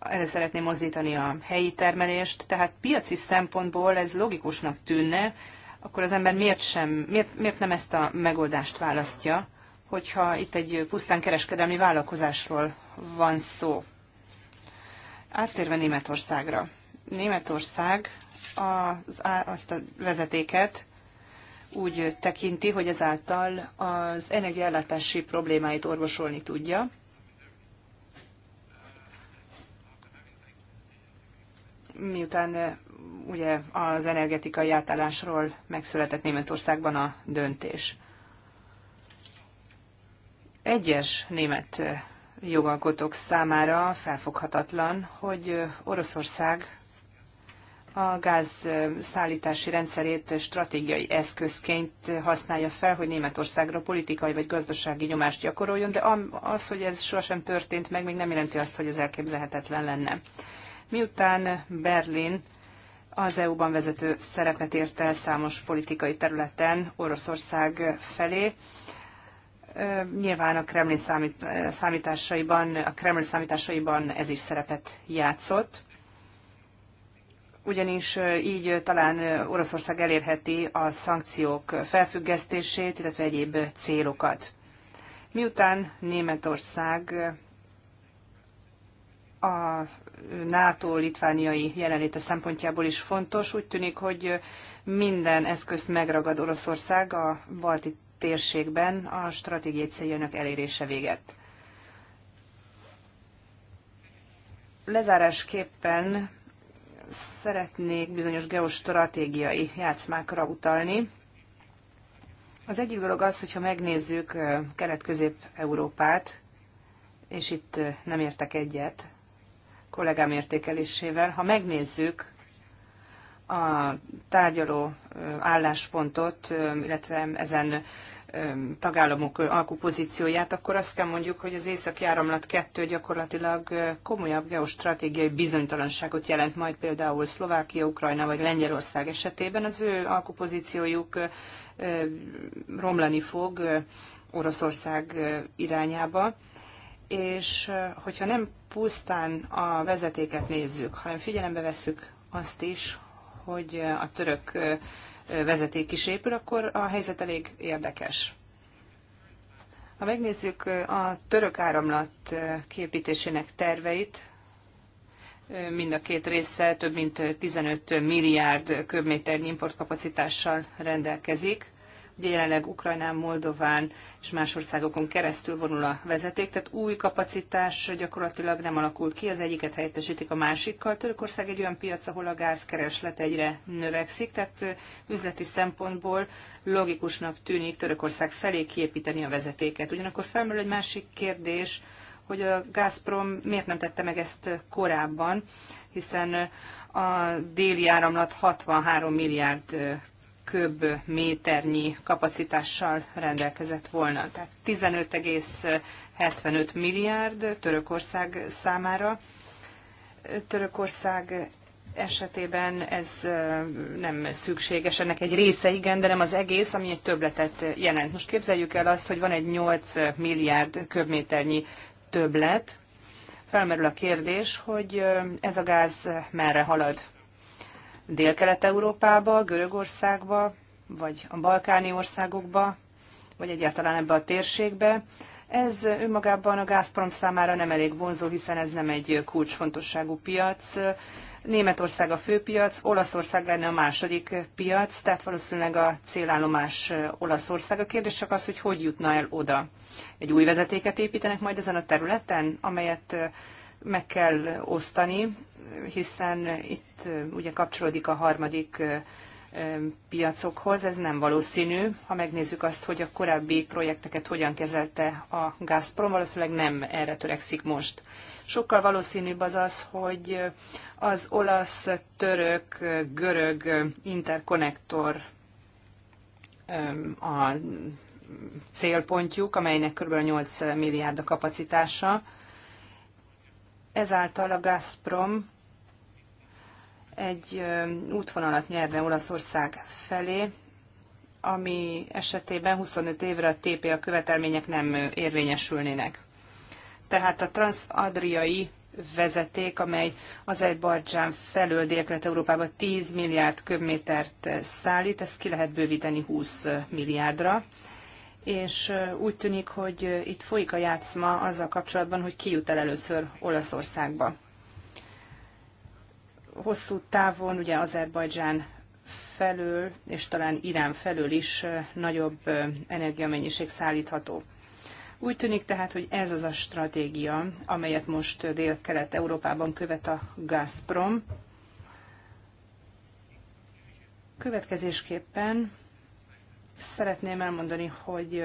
Erre szeretném mozdítani a helyi termelést, tehát piaci szempontból ez logikusnak tűnne, akkor az ember miért, sem, miért, miért nem ezt a megoldást választja, hogyha itt egy pusztán kereskedelmi vállalkozásról van szó. Áttérve Németországra. Németország az, azt a vezetéket úgy tekinti, hogy ezáltal az energiállátási problémáit orvosolni tudja. Miután ugye az energetikai átállásról megszületett Németországban a döntés. Egyes német eh, jogalkotók számára felfoghatatlan, hogy eh, Oroszország a gáz eh, szállítási rendszerét stratégiai eszközként használja fel, hogy Németországra politikai vagy gazdasági nyomást gyakoroljon, de az, hogy ez sohasem történt meg, még nem jelenti azt, hogy ez elképzelhetetlen lenne. Miután Berlin az EU-ban vezető szerepet ért el számos politikai területen Oroszország felé. Nyilván a Kreml számít, számításaiban, a Kreml számításaiban ez is szerepet játszott, ugyanis így talán Oroszország elérheti a szankciók felfüggesztését, illetve egyéb célokat. Miután Németország a NATO litvániai jelenléte szempontjából is fontos. Úgy tűnik, hogy minden eszközt megragad Oroszország a balti térségben a stratégiai céljának elérése véget. Lezárásképpen szeretnék bizonyos geostratégiai játszmákra utalni. Az egyik dolog az, hogyha megnézzük Kelet-Közép-Európát, és itt nem értek egyet kollégám értékelésével. Ha megnézzük a tárgyaló álláspontot, illetve ezen tagállamok alkupozícióját, akkor azt kell mondjuk, hogy az északi áramlat 2 gyakorlatilag komolyabb geostratégiai bizonytalanságot jelent majd például Szlovákia, Ukrajna vagy Lengyelország esetében. Az ő alkupozíciójuk romlani fog Oroszország irányába és hogyha nem pusztán a vezetéket nézzük, hanem figyelembe veszük azt is, hogy a török vezeték is épül, akkor a helyzet elég érdekes. Ha megnézzük a török áramlat kiépítésének terveit, mind a két része több mint 15 milliárd köbméternyi importkapacitással rendelkezik. Ugye jelenleg Ukrajnán, Moldován és más országokon keresztül vonul a vezeték, tehát új kapacitás gyakorlatilag nem alakul ki, az egyiket helyettesítik a másikkal. Törökország egy olyan piac, ahol a gázkereslet egyre növekszik, tehát üzleti szempontból logikusnak tűnik Törökország felé kiépíteni a vezetéket. Ugyanakkor felmerül egy másik kérdés, hogy a Gazprom miért nem tette meg ezt korábban, hiszen a déli áramlat 63 milliárd köb méternyi kapacitással rendelkezett volna. Tehát 15,75 milliárd Törökország számára. Törökország esetében ez nem szükséges, ennek egy része igen, de nem az egész, ami egy töbletet jelent. Most képzeljük el azt, hogy van egy 8 milliárd köbméternyi töblet, Felmerül a kérdés, hogy ez a gáz merre halad. Dél-Kelet-Európába, Görögországba, vagy a balkáni országokba, vagy egyáltalán ebbe a térségbe. Ez önmagában a Gazprom számára nem elég vonzó, hiszen ez nem egy kulcsfontosságú piac. Németország a főpiac, Olaszország lenne a második piac, tehát valószínűleg a célállomás Olaszország. A kérdés csak az, hogy hogy jutna el oda. Egy új vezetéket építenek majd ezen a területen, amelyet meg kell osztani hiszen itt ugye kapcsolódik a harmadik piacokhoz, ez nem valószínű. Ha megnézzük azt, hogy a korábbi projekteket hogyan kezelte a Gazprom, valószínűleg nem erre törekszik most. Sokkal valószínűbb az az, hogy az olasz, török, görög interkonnektor a célpontjuk, amelynek kb. 8 milliárd a kapacitása. Ezáltal a Gazprom egy útvonalat nyerne Olaszország felé, ami esetében 25 évre a TPA követelmények nem érvényesülnének. Tehát a transadriai vezeték, amely Azerbajdzsán felől Délkelet-Európába 10 milliárd köbmétert szállít, ezt ki lehet bővíteni 20 milliárdra. És úgy tűnik, hogy itt folyik a játszma azzal kapcsolatban, hogy ki jut el először Olaszországba hosszú távon ugye Azerbajdzsán felől, és talán Irán felől is nagyobb energiamennyiség szállítható. Úgy tűnik tehát, hogy ez az a stratégia, amelyet most Dél-Kelet-Európában követ a Gazprom. Következésképpen szeretném elmondani, hogy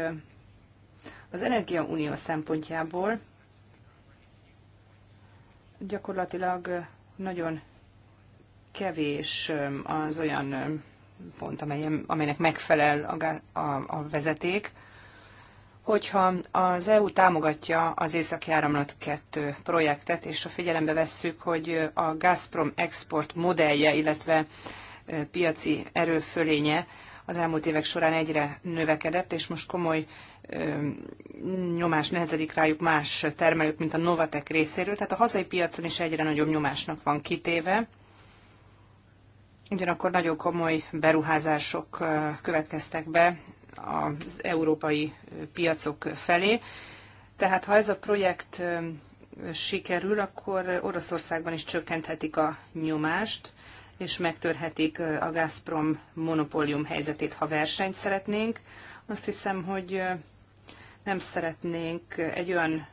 az energia Unió szempontjából gyakorlatilag nagyon kevés az olyan pont, amelyen, amelynek megfelel a, a, a vezeték, hogyha az EU támogatja az Északi Áramlat 2 projektet, és a figyelembe vesszük, hogy a Gazprom export modellje, illetve piaci erőfölénye az elmúlt évek során egyre növekedett, és most komoly nyomás nehezedik rájuk más termelők, mint a Novatek részéről, tehát a hazai piacon is egyre nagyobb nyomásnak van kitéve Ugyanakkor nagyon komoly beruházások következtek be az európai piacok felé. Tehát ha ez a projekt sikerül, akkor Oroszországban is csökkenthetik a nyomást, és megtörhetik a Gazprom monopólium helyzetét, ha versenyt szeretnénk. Azt hiszem, hogy nem szeretnénk egy olyan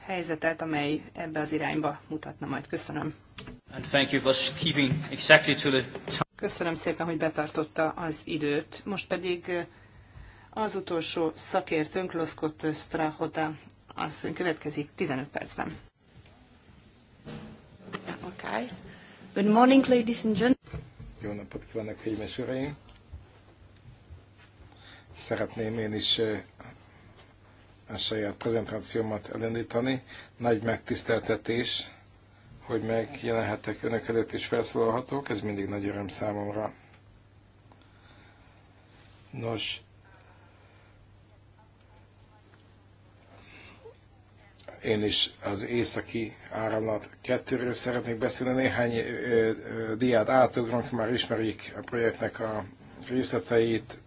helyzetet, amely ebbe az irányba mutatna majd. Köszönöm. Köszönöm szépen, hogy betartotta az időt. Most pedig eh, az utolsó szakértőnk, Loszkott Strahota asszony következik 15 percben. Okay. Good morning, ladies and gentlemen. Jó napot kívánok, hölgyeim és uraim! Szeretném én is eh, a saját prezentációmat elindítani. Nagy megtiszteltetés hogy megjelenhetek önök előtt és felszólalhatok, ez mindig nagy öröm számomra. Nos, én is az északi áramlat kettőről szeretnék beszélni. Néhány ö, ö, diát átugrunk, már ismerik a projektnek a részleteit,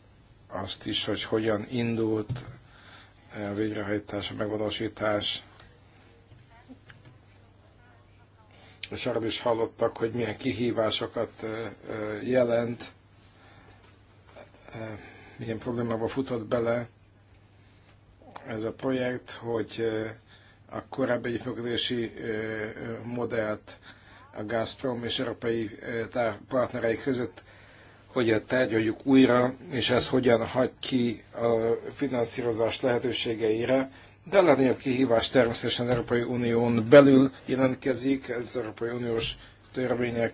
azt is, hogy hogyan indult a végrehajtás, a megvalósítás, és arról is hallottak, hogy milyen kihívásokat jelent, milyen problémába futott bele ez a projekt, hogy a korábbi együttműködési modellt a Gazprom és európai partnerei között a tárgyaljuk újra, és ez hogyan hagy ki a finanszírozás lehetőségeire de a legnagyobb kihívás természetesen az Európai Unión belül jelentkezik, ez az Európai Uniós törvények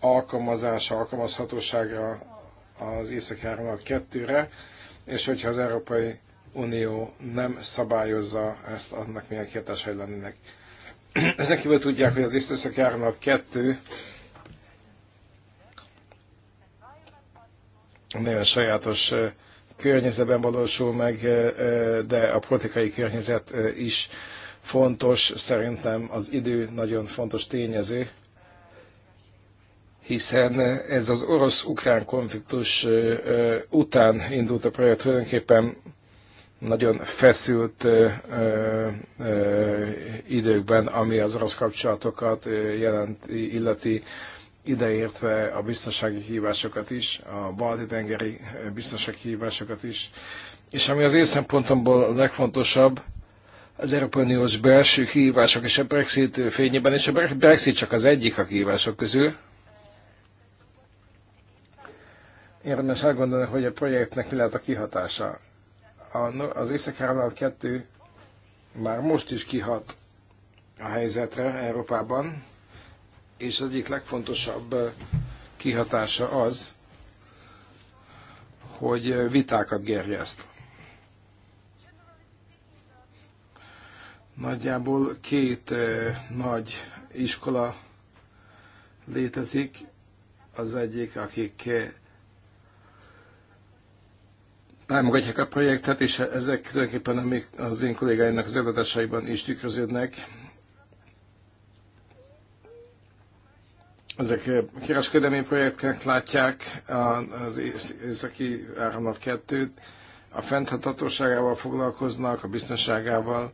alkalmazása, alkalmazhatósága az észak 2 re és hogyha az Európai Unió nem szabályozza ezt, annak milyen kiadásai lennének. Ezen kívül tudják, hogy az észak 2 nagyon sajátos környezetben valósul meg, de a politikai környezet is fontos, szerintem az idő nagyon fontos tényező, hiszen ez az orosz-ukrán konfliktus után indult a projekt tulajdonképpen nagyon feszült ö, ö, időkben, ami az orosz kapcsolatokat jelent, illeti ideértve a biztonsági hívásokat is, a balti tengeri eh, biztonsági hívásokat is. És ami az én szempontomból a legfontosabb, az Európai Uniós belső kihívások és a Brexit fényében, és a Brexit csak az egyik a kihívások közül. Érdemes elgondolni, hogy a projektnek mi lehet a kihatása. Az észak 2 már most is kihat a helyzetre Európában, és az egyik legfontosabb kihatása az, hogy vitákat gerjeszt. Nagyjából két nagy iskola létezik, az egyik, akik támogatják a projektet, és ezek tulajdonképpen az én kollégáimnak az előadásaiban is tükröződnek. Ezek eh, kereskedelmi projektnek látják az északi áramlat kettőt, a fenntarthatóságával foglalkoznak, a biztonságával,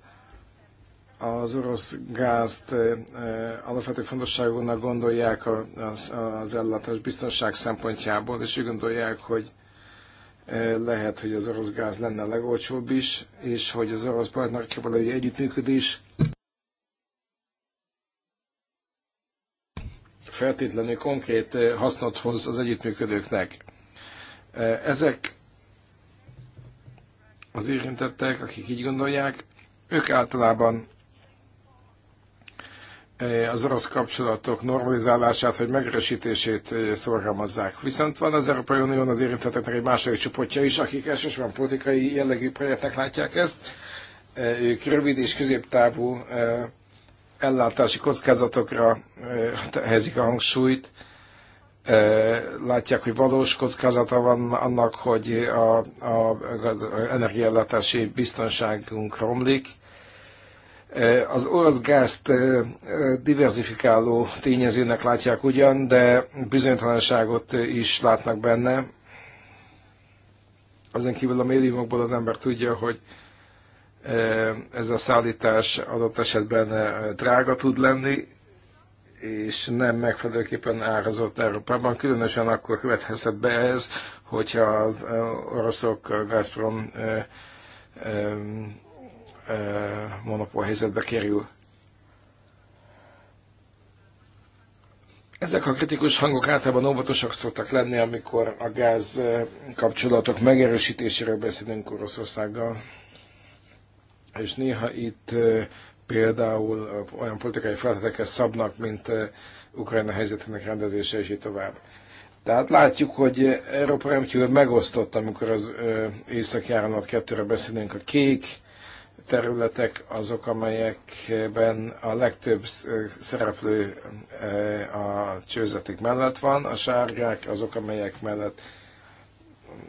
az orosz gázt eh, eh, alapvető fontosságúnak gondolják az, az ellátás biztonság szempontjából, és úgy gondolják, hogy lehet, hogy az orosz gáz lenne a legolcsóbb is, és hogy az orosz partnerkel való együttműködés feltétlenül konkrét eh, hasznot hoz az együttműködőknek. Eh, ezek az érintettek, akik így gondolják, ők általában eh, az orosz kapcsolatok normalizálását vagy megresítését szorgalmazzák. Viszont van az Európai Unión az érintetteknek egy második csoportja is, akik elsősorban politikai jellegű projektnek látják ezt. Ők rövid és középtávú ellátási kockázatokra helyezik a hangsúlyt, látják, hogy valós kockázata van annak, hogy a, a, az energiállátási biztonságunk romlik. Az orosz gázt diversifikáló tényezőnek látják ugyan, de bizonytalanságot is látnak benne. Azon kívül a médiumokból az ember tudja, hogy ez a szállítás adott esetben drága tud lenni, és nem megfelelőképpen árazott Európában, különösen akkor követhetett be ez, hogyha az oroszok Gazprom monopól helyzetbe kerül. Ezek a kritikus hangok általában óvatosak szoktak lenni, amikor a gáz kapcsolatok megerősítéséről beszélünk Oroszországgal. És néha itt például olyan politikai feltételeket szabnak, mint Ukrajna helyzetének rendezése, és így tovább. Tehát látjuk, hogy Európa rendkívül megosztott, amikor az északi áramlat kettőre beszélünk. A kék területek azok, amelyekben a legtöbb szereplő a csőzetik mellett van, a sárgák azok, amelyek mellett,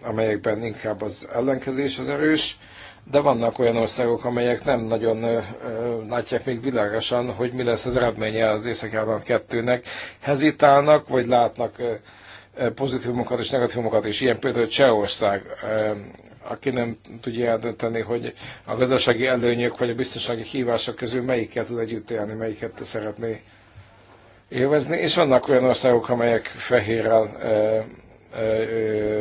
amelyekben inkább az ellenkezés az erős, de vannak olyan országok, amelyek nem nagyon ö, látják még világosan, hogy mi lesz az eredménye az Észak-Irland 2-nek. Hezitálnak, vagy látnak ö, pozitívumokat és negatívumokat is. Ilyen például Csehország, ö, aki nem tudja eldönteni, hogy a gazdasági előnyök vagy a biztonsági hívások közül melyiket tud együtt élni, melyiket szeretné élvezni, és vannak olyan országok, amelyek fehérrel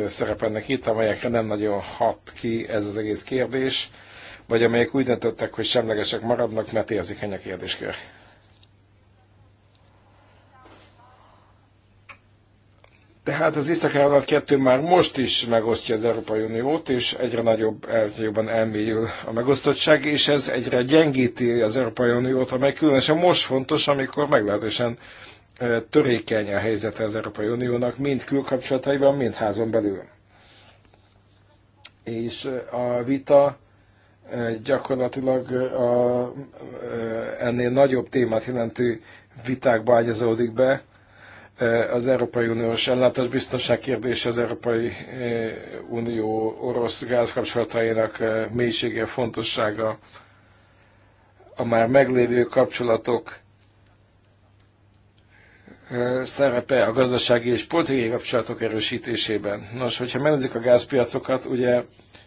szerepelnek itt, amelyekre nem nagyon hat ki ez az egész kérdés, vagy amelyek úgy döntöttek, hogy semlegesek maradnak, mert érzékeny a kérdéskör. Tehát az iszak állat kettő már most is megosztja az Európai Uniót, és egyre nagyobb, jobban elmélyül a megosztottság, és ez egyre gyengíti az Európai Uniót, amely különösen most fontos, amikor meglehetősen törékeny a helyzete az Európai Uniónak, mind külkapcsolataiban, mind házon belül. És a vita gyakorlatilag a, ennél nagyobb témát jelentő vitákba ágyazódik be. Az Európai Uniós ellátás biztonság kérdése az Európai Unió orosz gázkapcsolatainak mélysége, fontossága, a már meglévő kapcsolatok szerepe a gazdasági és politikai kapcsolatok erősítésében. Nos, hogyha megnézzük a gázpiacokat, ugye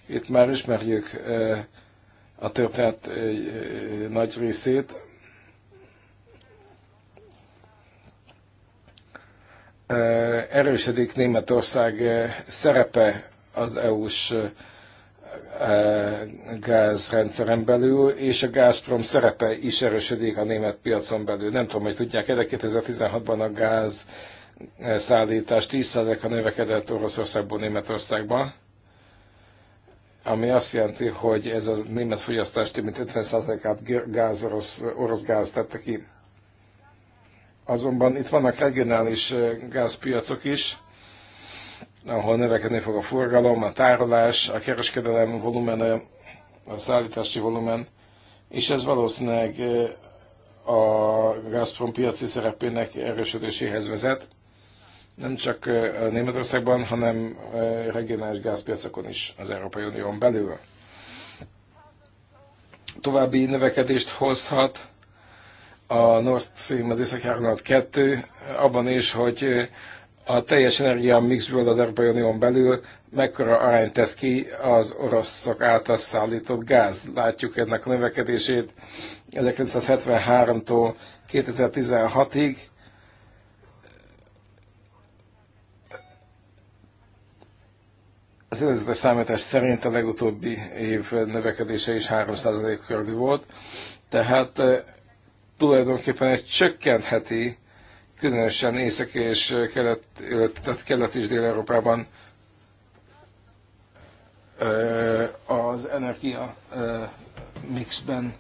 itt már ismerjük a történet nagy részét. Erősödik Németország szerepe az EU-s Eh, gázrendszeren belül, és a Gazprom szerepe is erősödik a német piacon belül. Nem tudom, hogy tudják, de 2016-ban a gáz eh, szállítás 10%-a növekedett Oroszországból Németországba, ami azt jelenti, hogy ez a német fogyasztás több mint 50%-át gáz, orosz, orosz gáz tette ki. Azonban itt vannak regionális eh, gázpiacok is, ahol növekedni fog a forgalom, a tárolás, a kereskedelem volumene, a szállítási volumen, és ez valószínűleg a Gazprom piaci szerepének erősödéséhez vezet, nem csak Németországban, hanem regionális gázpiacokon is az Európai Unión belül. További növekedést hozhat a Nord Stream, az Észak 2, abban is, hogy a teljes energia mixből az Európai Unión belül mekkora arányt tesz ki az oroszok által szállított gáz. Látjuk ennek a növekedését 1973-tól 2016-ig. Az előzetes számítás szerint a legutóbbi év növekedése is 3% körül volt, tehát eh, tulajdonképpen ez csökkentheti különösen Észak és Kelet, tehát Kelet és Dél-Európában az energia mixben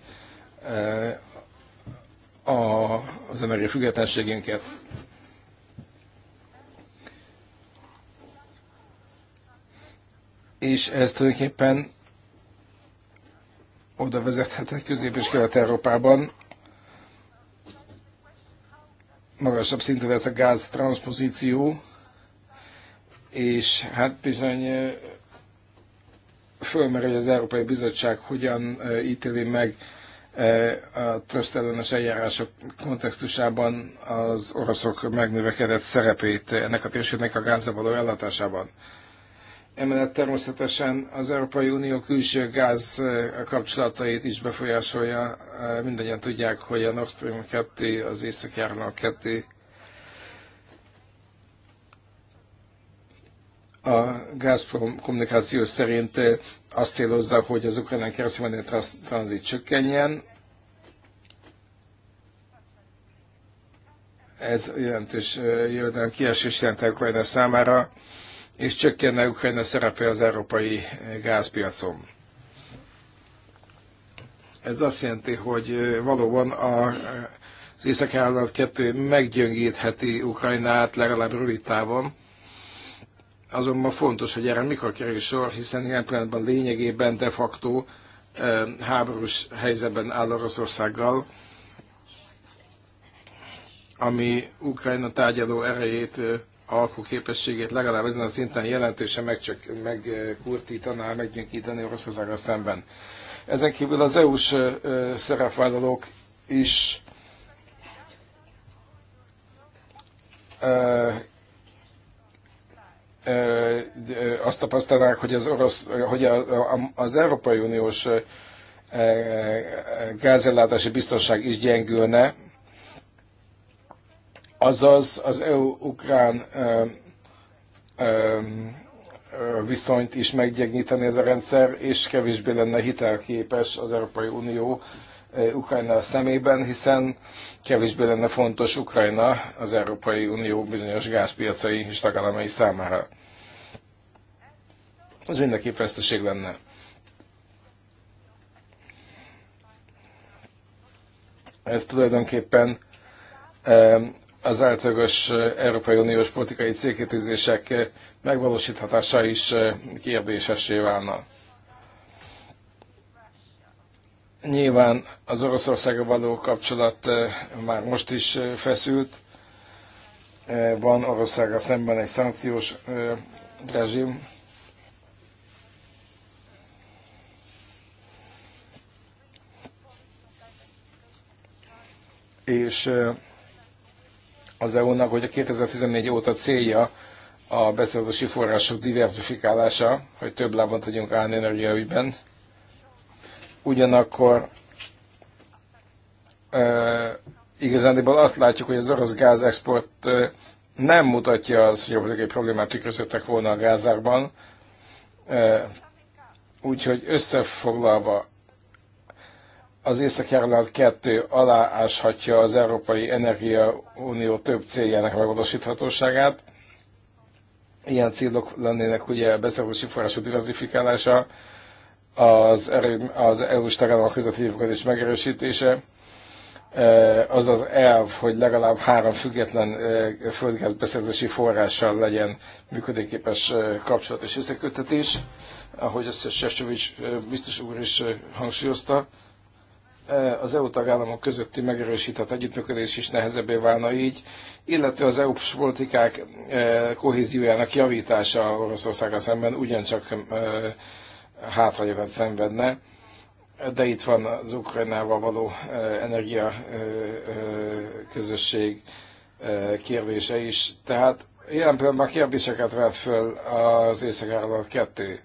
az energia függetlenségünket. És ez tulajdonképpen oda vezethetett Közép- és Kelet-Európában, magasabb szintű lesz a gáz transzpozíció, és hát bizony fölmer, hogy az Európai Bizottság hogyan ítéli meg a trösztellenes eljárások kontextusában az oroszok megnövekedett szerepét ennek a térségnek a gázzal való ellátásában. Emellett természetesen az Európai Unió külső gáz eh, kapcsolatait is befolyásolja. Eh, mindannyian tudják, hogy a Nord Stream 2, az északi áramlat 2 a Gazprom kommunikáció szerint eh, azt célozza, hogy az ukrajnán keresztül menő tranzit csökkenjen. Ez jelentős jövedelem kiesés jelent Ukrajna számára és csökkenne Ukrajna szerepe az európai eh, gázpiacon. Ez azt jelenti, hogy eh, valóban a, az észak állat kettő meggyöngítheti Ukrajnát legalább rövid távon, azonban fontos, hogy erre mikor kerül sor, hiszen ilyen pillanatban lényegében de facto eh, háborús helyzetben áll Oroszországgal, ami Ukrajna tárgyaló erejét alkóképességét legalább ezen a szinten jelentősen megcsök, megkurtítaná, meggyönkíteni Oroszországra szemben. Ezen kívül az EU-s szerepvállalók is azt tapasztalnák, hogy az, orosz, hogy az Európai Uniós gázellátási biztonság is gyengülne, Azaz az EU-ukrán viszonyt is meggyengíteni ez a rendszer, és kevésbé lenne hitelképes az Európai Unió Ukrajna szemében, hiszen kevésbé lenne fontos Ukrajna az Európai Unió bizonyos gázpiacai és tagállamai számára. Ez mindenképp veszteség lenne. Ez tulajdonképpen az általános Európai Uniós politikai célkitűzések megvalósíthatása is kérdésessé válna. Nyilván az Oroszországa való kapcsolat már most is feszült. Van Oroszországa szemben egy szankciós rezsim. És az EU-nak, hogy a 2014 óta célja a beszerzési források diversifikálása, hogy több lábon tudjunk állni energiaügyben. Ugyanakkor e, igazándiból azt látjuk, hogy az orosz gázexport e, nem mutatja azt, hogy a problémát tükrözöttek volna a gázárban. E, úgyhogy összefoglalva az északjárlát kettő alááshatja az Európai Energia Unió több céljának megvalósíthatóságát. Ilyen célok lennének ugye a beszerzési források diversifikálása, az, erő, az EU-s tagállamok közötti együttműködés megerősítése, eh, az az elv, hogy legalább három független eh, beszerzési forrással legyen működőképes eh, kapcsolat és összeköttetés, ahogy ezt Sefcsovics biztos úr is hangsúlyozta az EU tagállamok közötti megerősített együttműködés is nehezebbé válna így, illetve az eu politikák e, kohéziójának javítása Oroszországgal szemben ugyancsak e, hátrányokat szenvedne. De itt van az Ukrajnával való e, energia közösség kérdése is. Tehát jelen pillanatban kérdéseket vett föl az észak kettő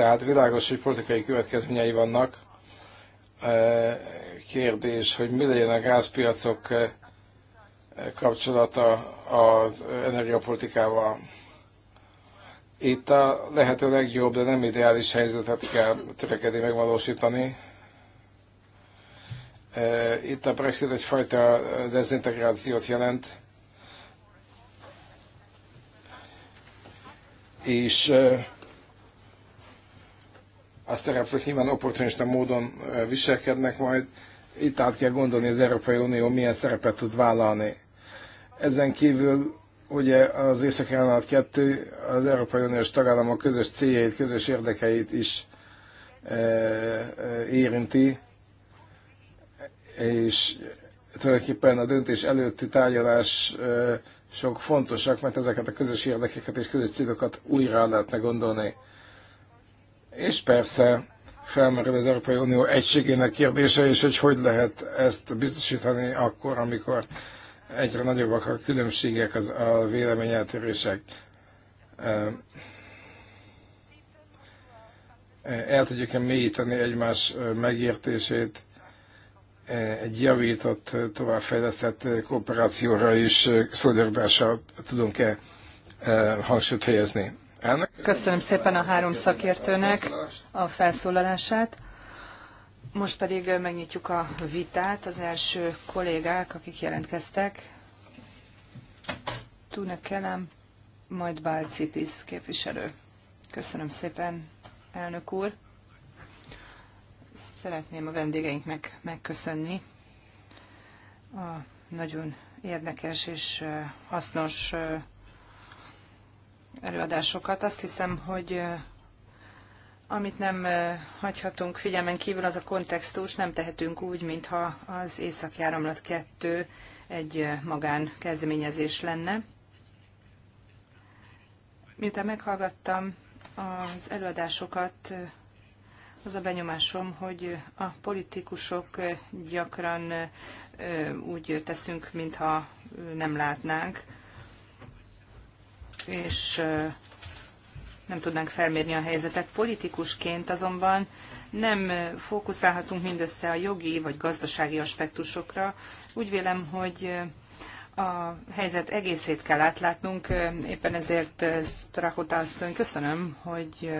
tehát világos, hogy politikai következményei vannak. E, kérdés, hogy mi legyen a gázpiacok e, kapcsolata az energiapolitikával. Itt a lehető legjobb, de nem ideális helyzetet kell törekedni megvalósítani. E, itt a Brexit egyfajta dezintegrációt jelent, és a szereplők nyilván opportunista módon viselkednek majd. Itt át kell gondolni, az Európai Unió milyen szerepet tud vállalni. Ezen kívül ugye az észak 2 az Európai Uniós tagállamok közös céljait, közös érdekeit is e, e, érinti, és tulajdonképpen a döntés előtti tárgyalás e, sok fontosak, mert ezeket a közös érdekeket és közös célokat újra lehetne gondolni és persze felmerül az Európai Unió egységének kérdése, és hogy hogy lehet ezt biztosítani akkor, amikor egyre nagyobbak a különbségek, az, a véleményeltérések. El tudjuk-e mélyíteni egymás megértését egy javított, továbbfejlesztett kooperációra is szolidaritással tudunk-e hangsúlyt helyezni? Köszönöm szépen a három szakértőnek a felszólalását. Most pedig megnyitjuk a vitát. Az első kollégák, akik jelentkeztek, Tune Kelem, majd Bálcitis képviselő. Köszönöm szépen, elnök úr. Szeretném a vendégeinknek megköszönni a nagyon érdekes és hasznos előadásokat. Azt hiszem, hogy eh, amit nem eh, hagyhatunk figyelmen kívül, az a kontextus, nem tehetünk úgy, mintha az Északjáramlat 2 egy eh, magán kezdeményezés lenne. Miután meghallgattam az előadásokat, az a benyomásom, hogy a politikusok gyakran úgy teszünk, mintha nem látnánk és nem tudnánk felmérni a helyzetet. Politikusként azonban nem fókuszálhatunk mindössze a jogi vagy gazdasági aspektusokra. Úgy vélem, hogy a helyzet egészét kell átlátnunk, éppen ezért Strachota asszony köszönöm, hogy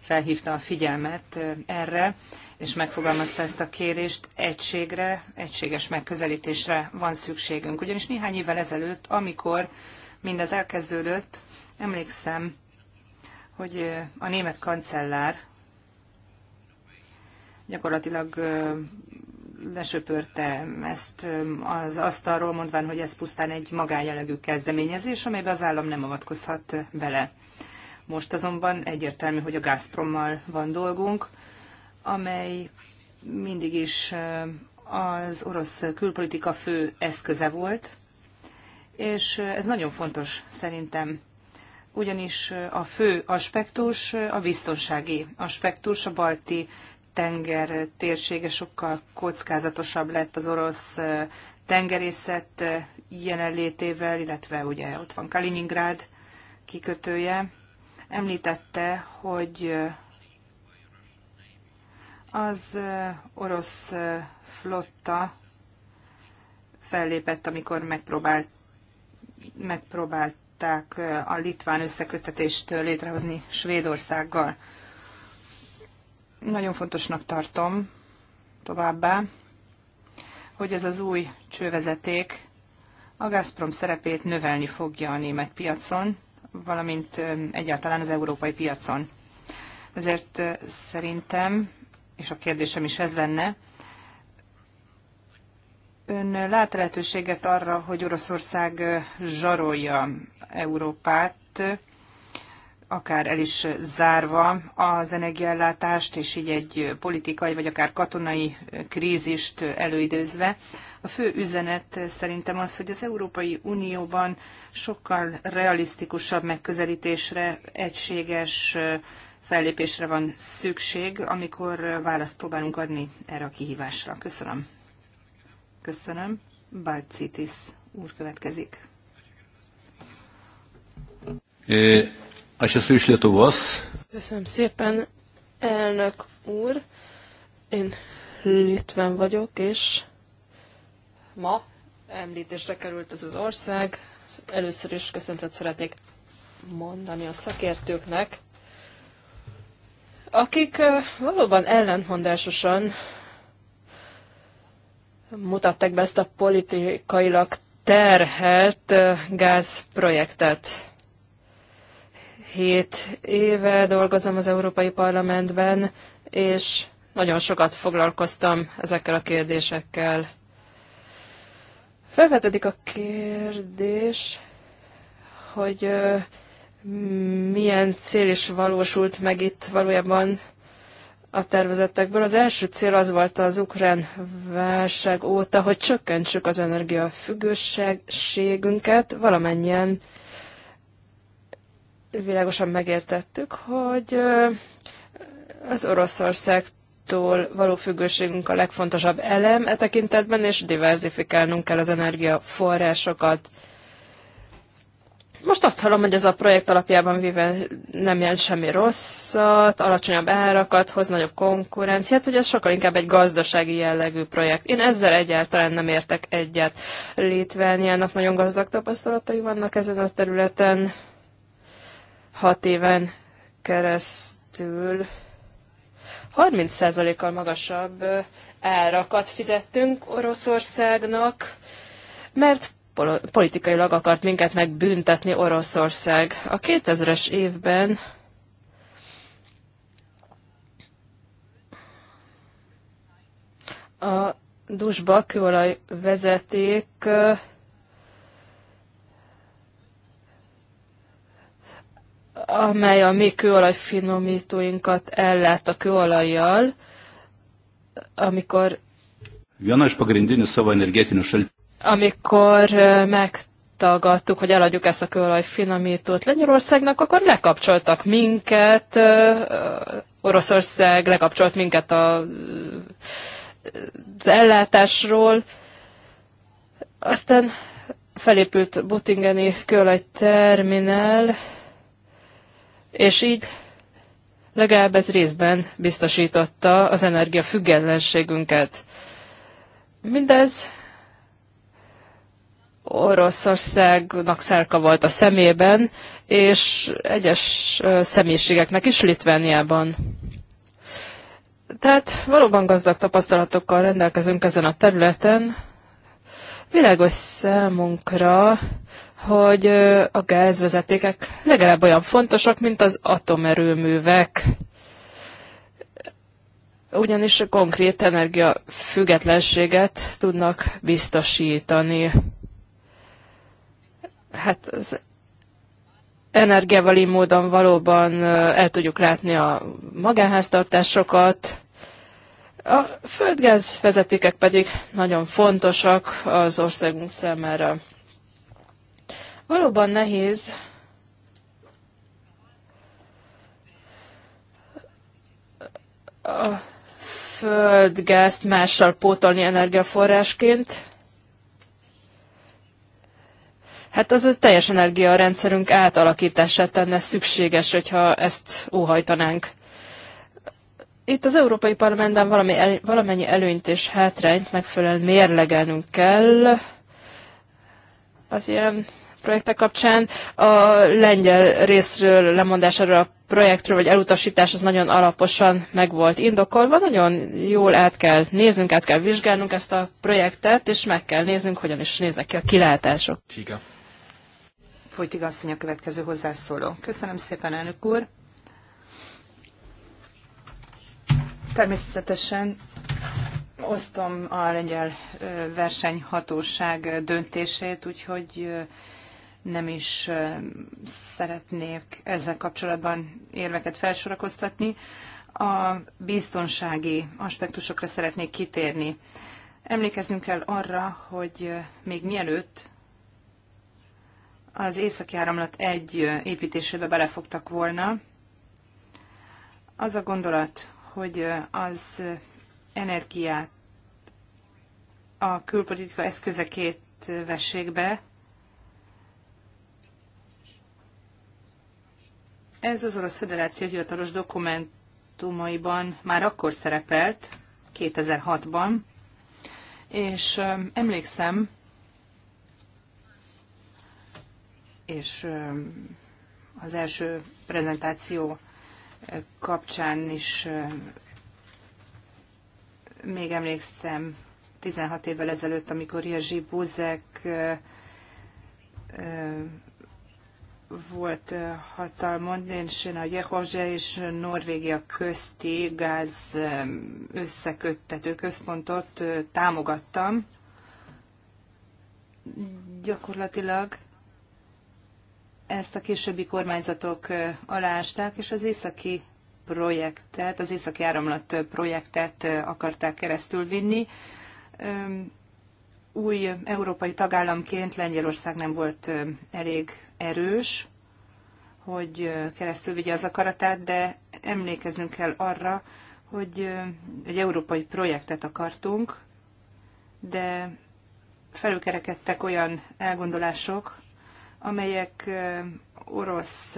felhívta a figyelmet erre, és megfogalmazta ezt a kérést, egységre, egységes megközelítésre van szükségünk. Ugyanis néhány évvel ezelőtt, amikor mindez elkezdődött, emlékszem, hogy a német kancellár gyakorlatilag lesöpörte ezt az asztalról, mondván, hogy ez pusztán egy magánjellegű kezdeményezés, amelybe az állam nem avatkozhat bele. Most azonban egyértelmű, hogy a Gazprommal van dolgunk, amely mindig is az orosz külpolitika fő eszköze volt, és ez nagyon fontos szerintem ugyanis a fő aspektus a biztonsági aspektus, a balti tenger térsége sokkal kockázatosabb lett az orosz tengerészet jelenlétével, illetve ugye ott van Kaliningrád kikötője. Említette, hogy az orosz flotta fellépett, amikor megpróbált megpróbálták a litván összekötetést létrehozni Svédországgal. Nagyon fontosnak tartom továbbá, hogy ez az új csővezeték a Gazprom szerepét növelni fogja a német piacon, valamint egyáltalán az európai piacon. Ezért szerintem, és a kérdésem is ez lenne, Ön lát lehetőséget arra, hogy Oroszország zsarolja Európát, akár el is zárva az energiállátást, és így egy politikai vagy akár katonai krízist előidőzve. A fő üzenet szerintem az, hogy az Európai Unióban sokkal realisztikusabb megközelítésre, egységes fellépésre van szükség, amikor választ próbálunk adni erre a kihívásra. Köszönöm. Köszönöm. Balcitis úr következik. Köszönöm szépen, elnök úr. Én Litván vagyok, és ma említésre került ez az ország. Először is köszöntet szeretnék mondani a szakértőknek, akik valóban ellentmondásosan mutatták be ezt a politikailag terhelt gázprojektet. Hét éve dolgozom az Európai Parlamentben, és nagyon sokat foglalkoztam ezekkel a kérdésekkel. Felvetődik a kérdés, hogy milyen cél is valósult meg itt valójában a tervezetekből. Az első cél az volt az ukrán válság óta, hogy csökkentsük az energiafüggőségünket. Valamennyien világosan megértettük, hogy az Oroszországtól való függőségünk a legfontosabb elem e tekintetben, és diversifikálnunk kell az energiaforrásokat. Most azt hallom, hogy ez a projekt alapjában véve nem jelent semmi rosszat, alacsonyabb árakat, hoz nagyobb konkurenciát, hogy ez sokkal inkább egy gazdasági jellegű projekt. Én ezzel egyáltalán nem értek egyet. Litvániának nagyon gazdag tapasztalatai vannak ezen a területen. Hat éven keresztül 30%-kal magasabb árakat fizettünk Oroszországnak, mert politikailag akart minket megbüntetni Oroszország. A 2000-es évben a dusba kőolaj vezeték amely a mi kőolaj finomítóinkat ellát a kőolajjal, amikor Viena iš pagrindinių savo energetinių šaltinių amikor megtagadtuk, hogy eladjuk ezt a kőolaj finomítót Lengyelországnak, akkor lekapcsoltak minket, Oroszország lekapcsolt minket a, az ellátásról, aztán felépült Buttingeni kőolaj terminál, és így legalább ez részben biztosította az energia függetlenségünket. Mindez Oroszországnak szárka volt a szemében, és egyes személyiségeknek is Litvániában. Tehát valóban gazdag tapasztalatokkal rendelkezünk ezen a területen. Világos számunkra, hogy a gázvezetékek legalább olyan fontosak, mint az atomerőművek. Ugyanis konkrét energia függetlenséget tudnak biztosítani hát az energiavali módon valóban el tudjuk látni a magánháztartásokat. A földgáz vezetékek pedig nagyon fontosak az országunk számára. Valóban nehéz a földgázt mással pótolni energiaforrásként. Hát az a teljes energiarendszerünk átalakítását tenne szükséges, hogyha ezt óhajtanánk. Itt az Európai Parlamentben valami el, valamennyi előnyt és hátrányt megfelelően mérlegelnünk kell az ilyen projektek kapcsán. A lengyel részről lemondásáról a projektről, vagy elutasítás az nagyon alaposan meg volt indokolva. Nagyon jól át kell néznünk, át kell vizsgálnunk ezt a projektet, és meg kell néznünk, hogyan is néznek ki a kilátások. Csiga. Folytig asszony a következő hozzászóló. Köszönöm szépen, elnök úr. Természetesen osztom a lengyel versenyhatóság döntését, úgyhogy nem is szeretnék ezzel kapcsolatban érveket felsorakoztatni. A biztonsági aspektusokra szeretnék kitérni. Emlékeznünk kell arra, hogy még mielőtt az északi áramlat egy építésébe belefogtak volna. Az a gondolat, hogy az energiát a külpolitika eszközekét vessék be, ez az Orosz Föderáció hivatalos dokumentumaiban már akkor szerepelt, 2006-ban, és emlékszem, és az első prezentáció eh, kapcsán is még emlékszem 16 évvel ezelőtt, amikor Jerzy Buzek eh, eh, volt hatalmon, és a Jehozsa és Norvégia közti gáz összeköttető központot támogattam. Gyakorlatilag ezt a későbbi kormányzatok aláásták, és az északi projektet, az északi áramlat projektet akarták keresztül vinni. Új európai tagállamként Lengyelország nem volt elég erős, hogy keresztül vigye az akaratát, de emlékeznünk kell arra, hogy egy európai projektet akartunk, de felülkerekedtek olyan elgondolások, amelyek orosz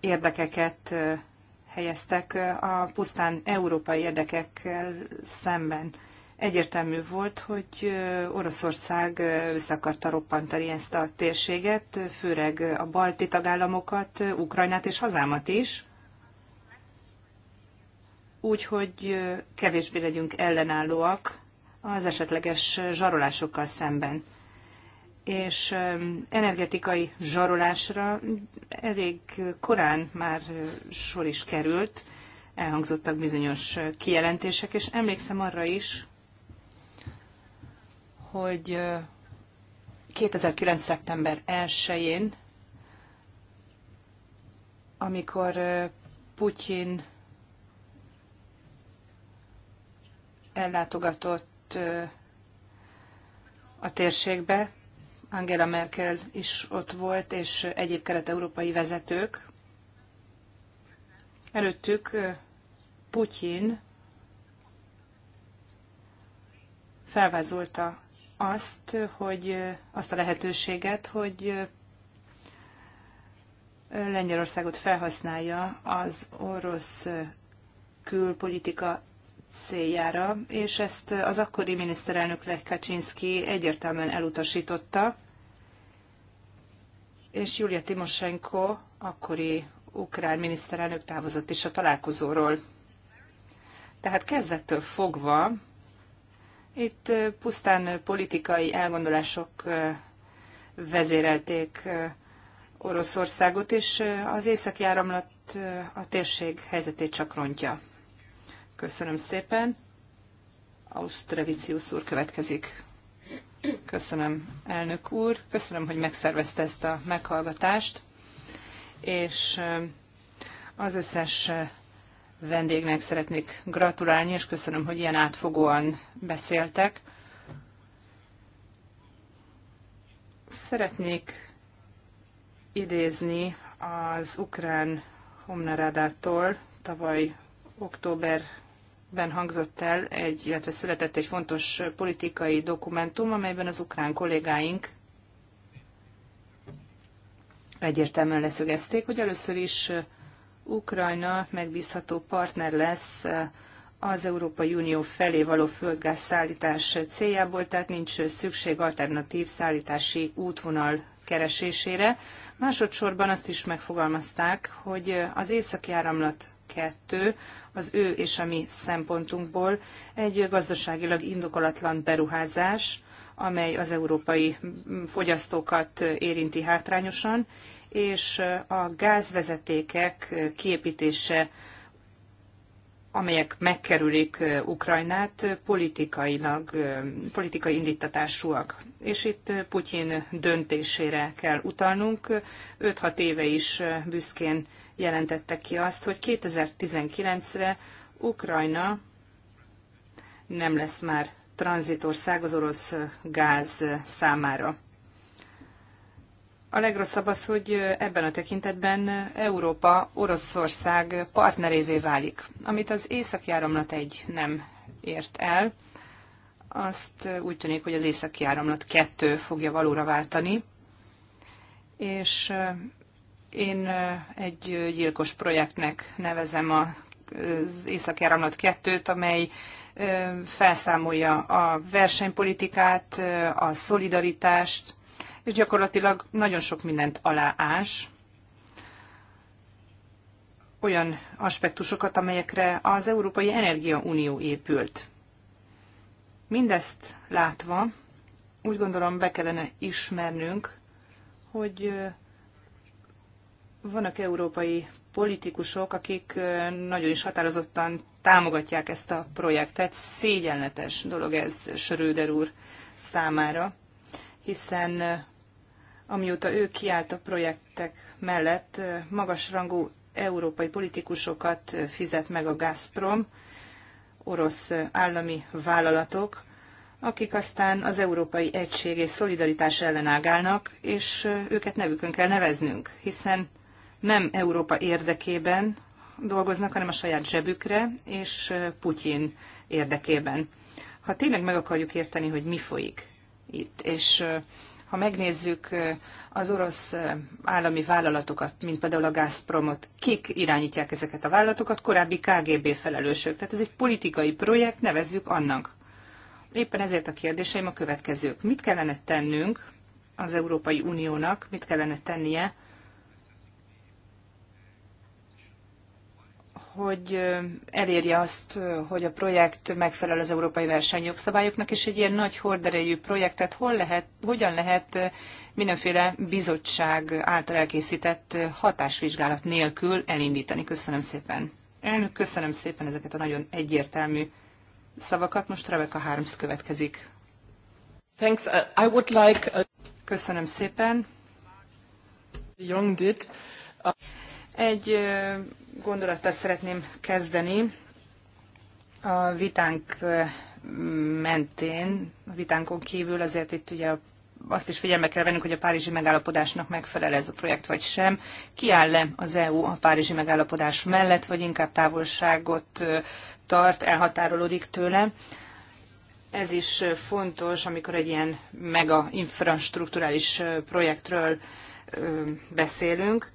érdekeket helyeztek a pusztán európai érdekekkel szemben. Egyértelmű volt, hogy Oroszország össze akarta roppantani ezt a térséget, főleg a balti tagállamokat, Ukrajnát és hazámat is, úgyhogy kevésbé legyünk ellenállóak az esetleges zsarolásokkal szemben és energetikai zsarolásra elég korán már sor is került, elhangzottak bizonyos kijelentések, és emlékszem arra is, hogy 2009. szeptember 1-én, amikor Putyin ellátogatott a térségbe, Angela Merkel is ott volt, és egyéb kelet-európai vezetők. Előttük Putyin felvázolta azt, hogy azt a lehetőséget, hogy Lengyelországot felhasználja az orosz külpolitika céljára, és ezt az akkori miniszterelnök Lech Kaczynszki egyértelműen elutasította, és Julia Timoshenko, akkori ukrán miniszterelnök távozott is a találkozóról. Tehát kezdettől fogva itt pusztán politikai elgondolások vezérelték Oroszországot, és az északi áramlat a térség helyzetét csak rontja. Köszönöm szépen. Ausztravicius úr következik. Köszönöm, elnök úr. Köszönöm, hogy megszervezte ezt a meghallgatást, és az összes vendégnek szeretnék gratulálni, és köszönöm, hogy ilyen átfogóan beszéltek. Szeretnék idézni az ukrán Homnaradától tavaly október ben hangzott el, egy, illetve született egy fontos politikai dokumentum, amelyben az ukrán kollégáink egyértelműen leszögezték, hogy először is Ukrajna megbízható partner lesz az Európai Unió felé való földgáz szállítás céljából, tehát nincs szükség alternatív szállítási útvonal keresésére. Másodszorban azt is megfogalmazták, hogy az északi áramlat kettő az ő és a mi szempontunkból egy gazdaságilag indokolatlan beruházás, amely az európai fogyasztókat érinti hátrányosan, és a gázvezetékek kiépítése, amelyek megkerülik Ukrajnát, politikailag, politikai indítatásúak. És itt Putyin döntésére kell utalnunk. 5-6 éve is büszkén jelentette ki azt, hogy 2019-re Ukrajna nem lesz már tranzitország az orosz gáz számára. A legrosszabb az, hogy ebben a tekintetben Európa Oroszország partnerévé válik, amit az északi áramlat egy nem ért el. Azt úgy tűnik, hogy az északi áramlat kettő fogja valóra váltani, és én egy gyilkos projektnek nevezem az Áramlat 2-t, amely felszámolja a versenypolitikát, a szolidaritást, és gyakorlatilag nagyon sok mindent aláás, olyan aspektusokat, amelyekre az Európai Energia Unió épült. Mindezt látva, úgy gondolom be kellene ismernünk, hogy vannak európai politikusok, akik nagyon is határozottan támogatják ezt a projektet. Szégyenletes dolog ez Söröder úr számára, hiszen amióta ő kiállt a projektek mellett, magasrangú európai politikusokat fizet meg a Gazprom, orosz állami vállalatok, akik aztán az Európai Egység és Szolidaritás ellen ágálnak, és őket nevükön kell neveznünk, hiszen nem Európa érdekében dolgoznak, hanem a saját zsebükre és Putyin érdekében. Ha tényleg meg akarjuk érteni, hogy mi folyik itt, és ha megnézzük az orosz állami vállalatokat, mint például a Gazpromot, kik irányítják ezeket a vállalatokat, korábbi KGB felelősök. Tehát ez egy politikai projekt, nevezzük annak. Éppen ezért a kérdéseim a következők. Mit kellene tennünk az Európai Uniónak, mit kellene tennie hogy elérje azt, hogy a projekt megfelel az európai versenyjogszabályoknak, és egy ilyen nagy horderejű projektet hol lehet, hogyan lehet mindenféle bizottság által elkészített hatásvizsgálat nélkül elindítani. Köszönöm szépen. Elnök, köszönöm szépen ezeket a nagyon egyértelmű szavakat. Most Rebecca Harms következik. Thanks. I would like a... Köszönöm szépen. Young did. Egy gondolattal szeretném kezdeni. A vitánk mentén, a vitánkon kívül azért itt ugye azt is figyelme kell vennünk, hogy a Párizsi megállapodásnak megfelel ez a projekt vagy sem. kiáll le az EU a Párizsi megállapodás mellett, vagy inkább távolságot tart, elhatárolódik tőle? Ez is fontos, amikor egy ilyen mega infrastruktúrális projektről beszélünk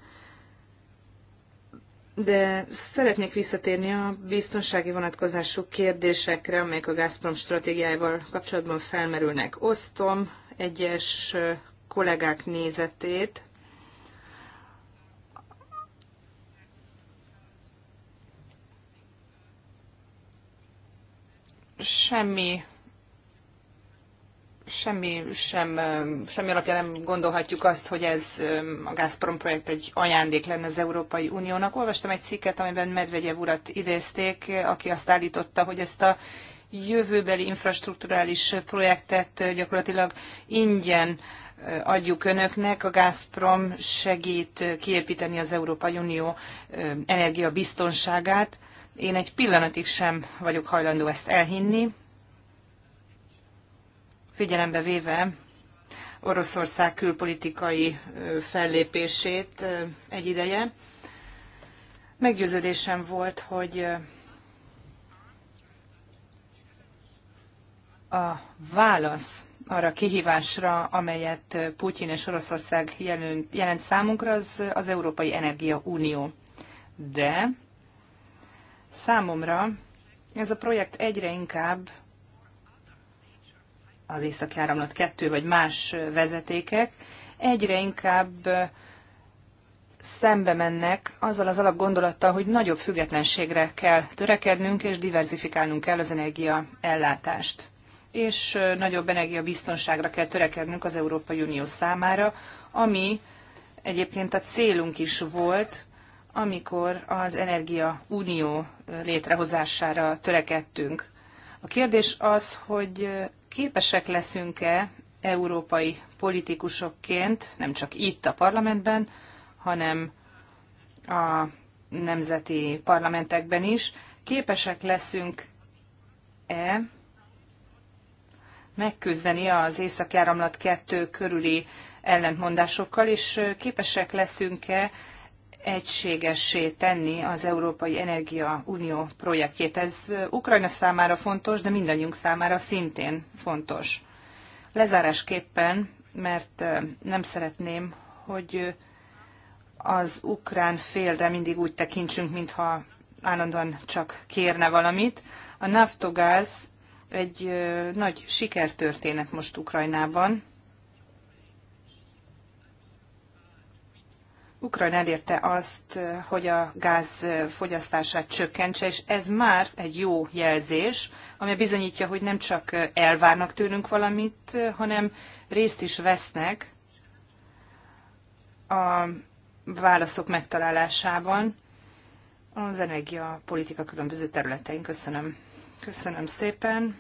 de szeretnék visszatérni a biztonsági vonatkozású kérdésekre, amelyek a Gazprom stratégiájával kapcsolatban felmerülnek. Osztom egyes kollégák nézetét, semmi semmi, sem, um, semmi alapja nem gondolhatjuk azt, hogy ez um, a Gazprom projekt egy ajándék lenne az Európai Uniónak. Olvastam egy cikket, amiben Medvegyev urat idézték, aki azt állította, hogy ezt a jövőbeli infrastruktúrális projektet uh, gyakorlatilag ingyen uh, adjuk önöknek. A Gazprom segít uh, kiépíteni az Európai Unió energiabiztonságát. Én egy pillanatig sem vagyok hajlandó ezt elhinni, figyelembe véve Oroszország külpolitikai fellépését egy ideje. Meggyőződésem volt, hogy a válasz arra a kihívásra, amelyet Putyin és Oroszország jelent, jelent számunkra, az az Európai Energia Unió. De számomra ez a projekt egyre inkább az északi áramlat 2 vagy más vezetékek egyre inkább szembe mennek azzal az alapgondolattal, hogy nagyobb függetlenségre kell törekednünk, és diversifikálnunk kell az energiaellátást. És nagyobb energiabiztonságra kell törekednünk az Európai Unió számára, ami egyébként a célunk is volt, amikor az Energia Unió létrehozására törekedtünk. A kérdés az, hogy képesek leszünk-e európai politikusokként, nem csak itt a parlamentben, hanem a nemzeti parlamentekben is, képesek leszünk-e megküzdeni az északáramlat kettő körüli ellentmondásokkal, és képesek leszünk-e egységessé tenni az Európai Energia Unió projektjét. Ez Ukrajna számára fontos, de mindannyiunk számára szintén fontos. Lezárásképpen, mert nem szeretném, hogy az ukrán félre mindig úgy tekintsünk, mintha állandóan csak kérne valamit. A Naftogáz egy nagy sikertörténet most Ukrajnában Ukrajna elérte azt, hogy a gáz fogyasztását csökkentse, és ez már egy jó jelzés, ami bizonyítja, hogy nem csak elvárnak tőlünk valamit, hanem részt is vesznek a válaszok megtalálásában az energiapolitika különböző területein. Köszönöm. Köszönöm szépen.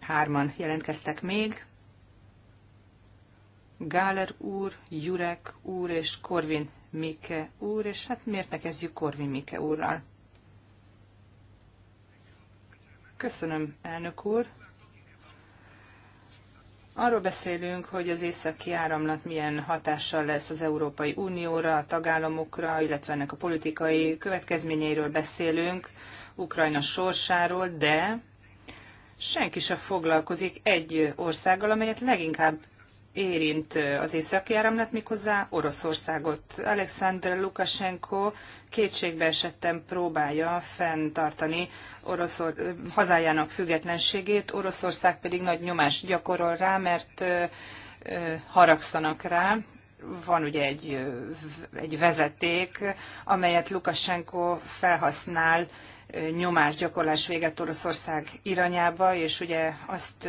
Hárman jelentkeztek még. Gáler úr, Jurek úr és Korvin Mike úr, és hát miért ne kezdjük Korvin Mike úrral? Köszönöm, elnök úr. Arról beszélünk, hogy az északi áramlat milyen hatással lesz az Európai Unióra, a tagállamokra, illetve ennek a politikai következményeiről beszélünk, Ukrajna sorsáról, de senki sem foglalkozik egy országgal, amelyet leginkább érint az északi áramlat, méghozzá Oroszországot. Alexander Lukashenko esetten próbálja fenntartani Orosz hazájának függetlenségét, Oroszország pedig nagy nyomást gyakorol rá, mert haragszanak rá, van ugye egy, egy vezeték, amelyet Lukasenko felhasznál nyomásgyakorlás véget Oroszország irányába, és ugye azt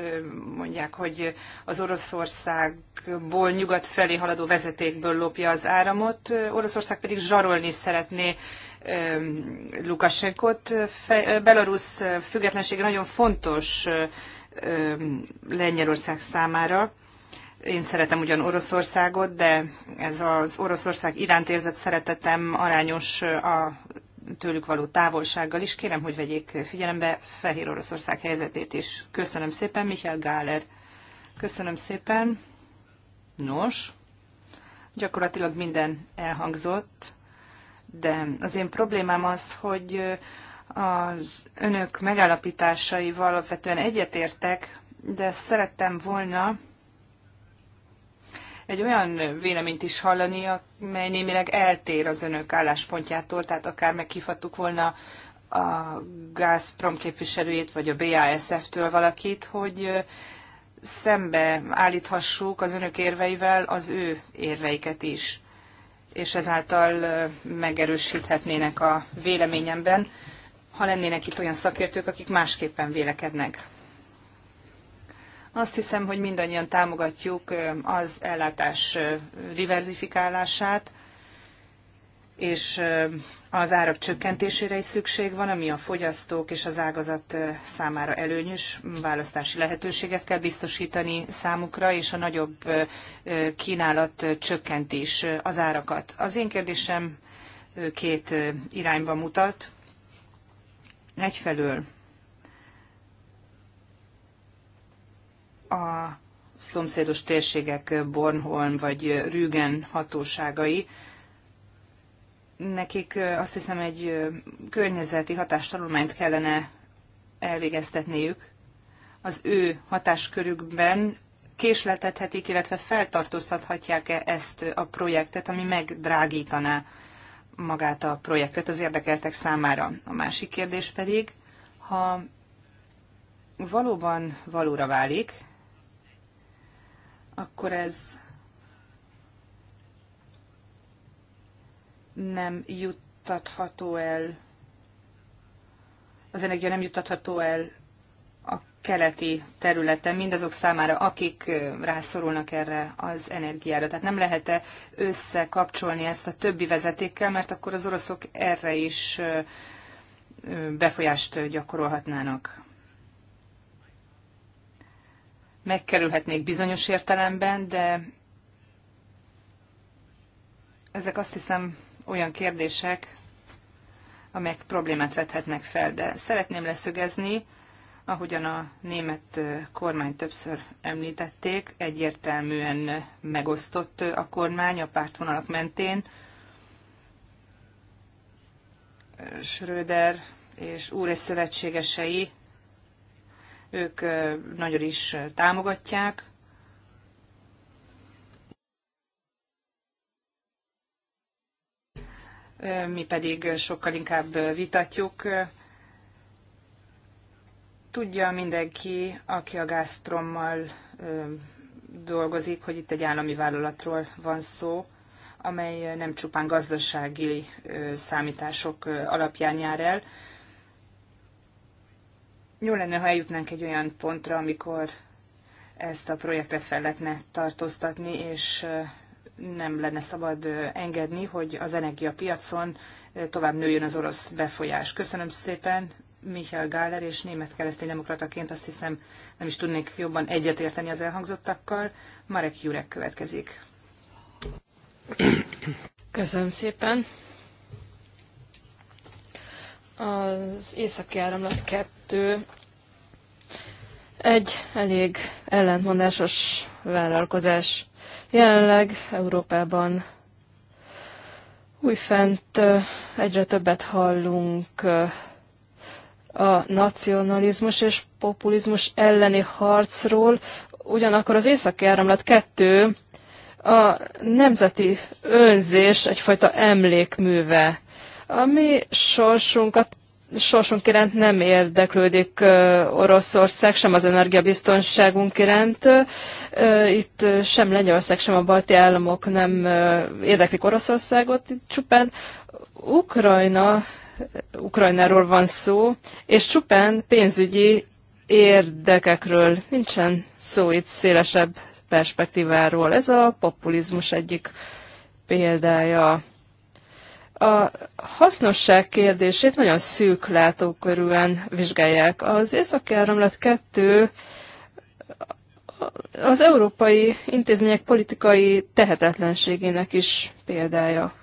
mondják, hogy az Oroszországból nyugat felé haladó vezetékből lopja az áramot, Oroszország pedig zsarolni szeretné Lukasenkot. Belarus függetlensége nagyon fontos Lengyelország számára. Én szeretem ugyan Oroszországot, de ez az Oroszország iránt érzett szeretetem arányos a tőlük való távolsággal is. Kérem, hogy vegyék figyelembe Fehér Oroszország helyzetét is. Köszönöm szépen, Michael Gáler. Köszönöm szépen. Nos, gyakorlatilag minden elhangzott, de az én problémám az, hogy az önök megállapításaival alapvetően egyetértek, de szerettem volna egy olyan véleményt is hallani, amely némileg eltér az önök álláspontjától, tehát akár meghívhattuk volna a Gazprom képviselőjét, vagy a BASF-től valakit, hogy szembe állíthassuk az önök érveivel az ő érveiket is, és ezáltal megerősíthetnének a véleményemben, ha lennének itt olyan szakértők, akik másképpen vélekednek. Azt hiszem, hogy mindannyian támogatjuk az ellátás diverzifikálását, és az árak csökkentésére is szükség van, ami a fogyasztók és az ágazat számára előnyös választási lehetőséget kell biztosítani számukra, és a nagyobb kínálat csökkenti is az árakat. Az én kérdésem két irányba mutat. Egyfelől a szomszédos térségek Bornholm vagy Rügen hatóságai, nekik azt hiszem egy környezeti hatástanulmányt kellene elvégeztetniük. Az ő hatáskörükben késletethetik, illetve feltartóztathatják-e ezt a projektet, ami megdrágítaná magát a projektet az érdekeltek számára. A másik kérdés pedig, ha valóban valóra válik, akkor ez nem juttatható el, az energia nem juttatható el a keleti területen mindazok számára, akik rászorulnak erre az energiára. Tehát nem lehet-e összekapcsolni ezt a többi vezetékkel, mert akkor az oroszok erre is befolyást gyakorolhatnának megkerülhetnék bizonyos értelemben, de ezek azt hiszem olyan kérdések, amelyek problémát vethetnek fel. De szeretném leszögezni, ahogyan a német kormány többször említették, egyértelműen megosztott a kormány a pártvonalak mentén. Schröder és úr és szövetségesei ők nagyon is támogatják. Mi pedig sokkal inkább vitatjuk. Tudja mindenki, aki a Gazprommal dolgozik, hogy itt egy állami vállalatról van szó, amely nem csupán gazdasági számítások alapján jár el, jó lenne, ha eljutnánk egy olyan pontra, amikor ezt a projektet fel lehetne tartóztatni, és nem lenne szabad engedni, hogy az energiapiacon tovább nőjön az orosz befolyás. Köszönöm szépen, Michael Gáler és német keresztény demokrataként azt hiszem nem is tudnék jobban egyetérteni az elhangzottakkal. Marek Jurek következik. Köszönöm szépen. Az északi áramlat kettő egy elég ellentmondásos vállalkozás. Jelenleg Európában újfent egyre többet hallunk a nacionalizmus és populizmus elleni harcról, ugyanakkor az északi áramlat kettő a nemzeti önzés egyfajta emlékműve. A mi sorsunkat sorsunk iránt nem érdeklődik Oroszország, sem az energiabiztonságunk iránt. Itt sem Lengyelország, sem a balti államok nem érdeklik Oroszországot, itt csupán Ukrajna, Ukrajnáról van szó, és csupán pénzügyi érdekekről nincsen szó itt szélesebb perspektíváról. Ez a populizmus egyik példája a hasznosság kérdését nagyon szűk látókörűen vizsgálják. Az északi áramlat 2 az európai intézmények politikai tehetetlenségének is példája.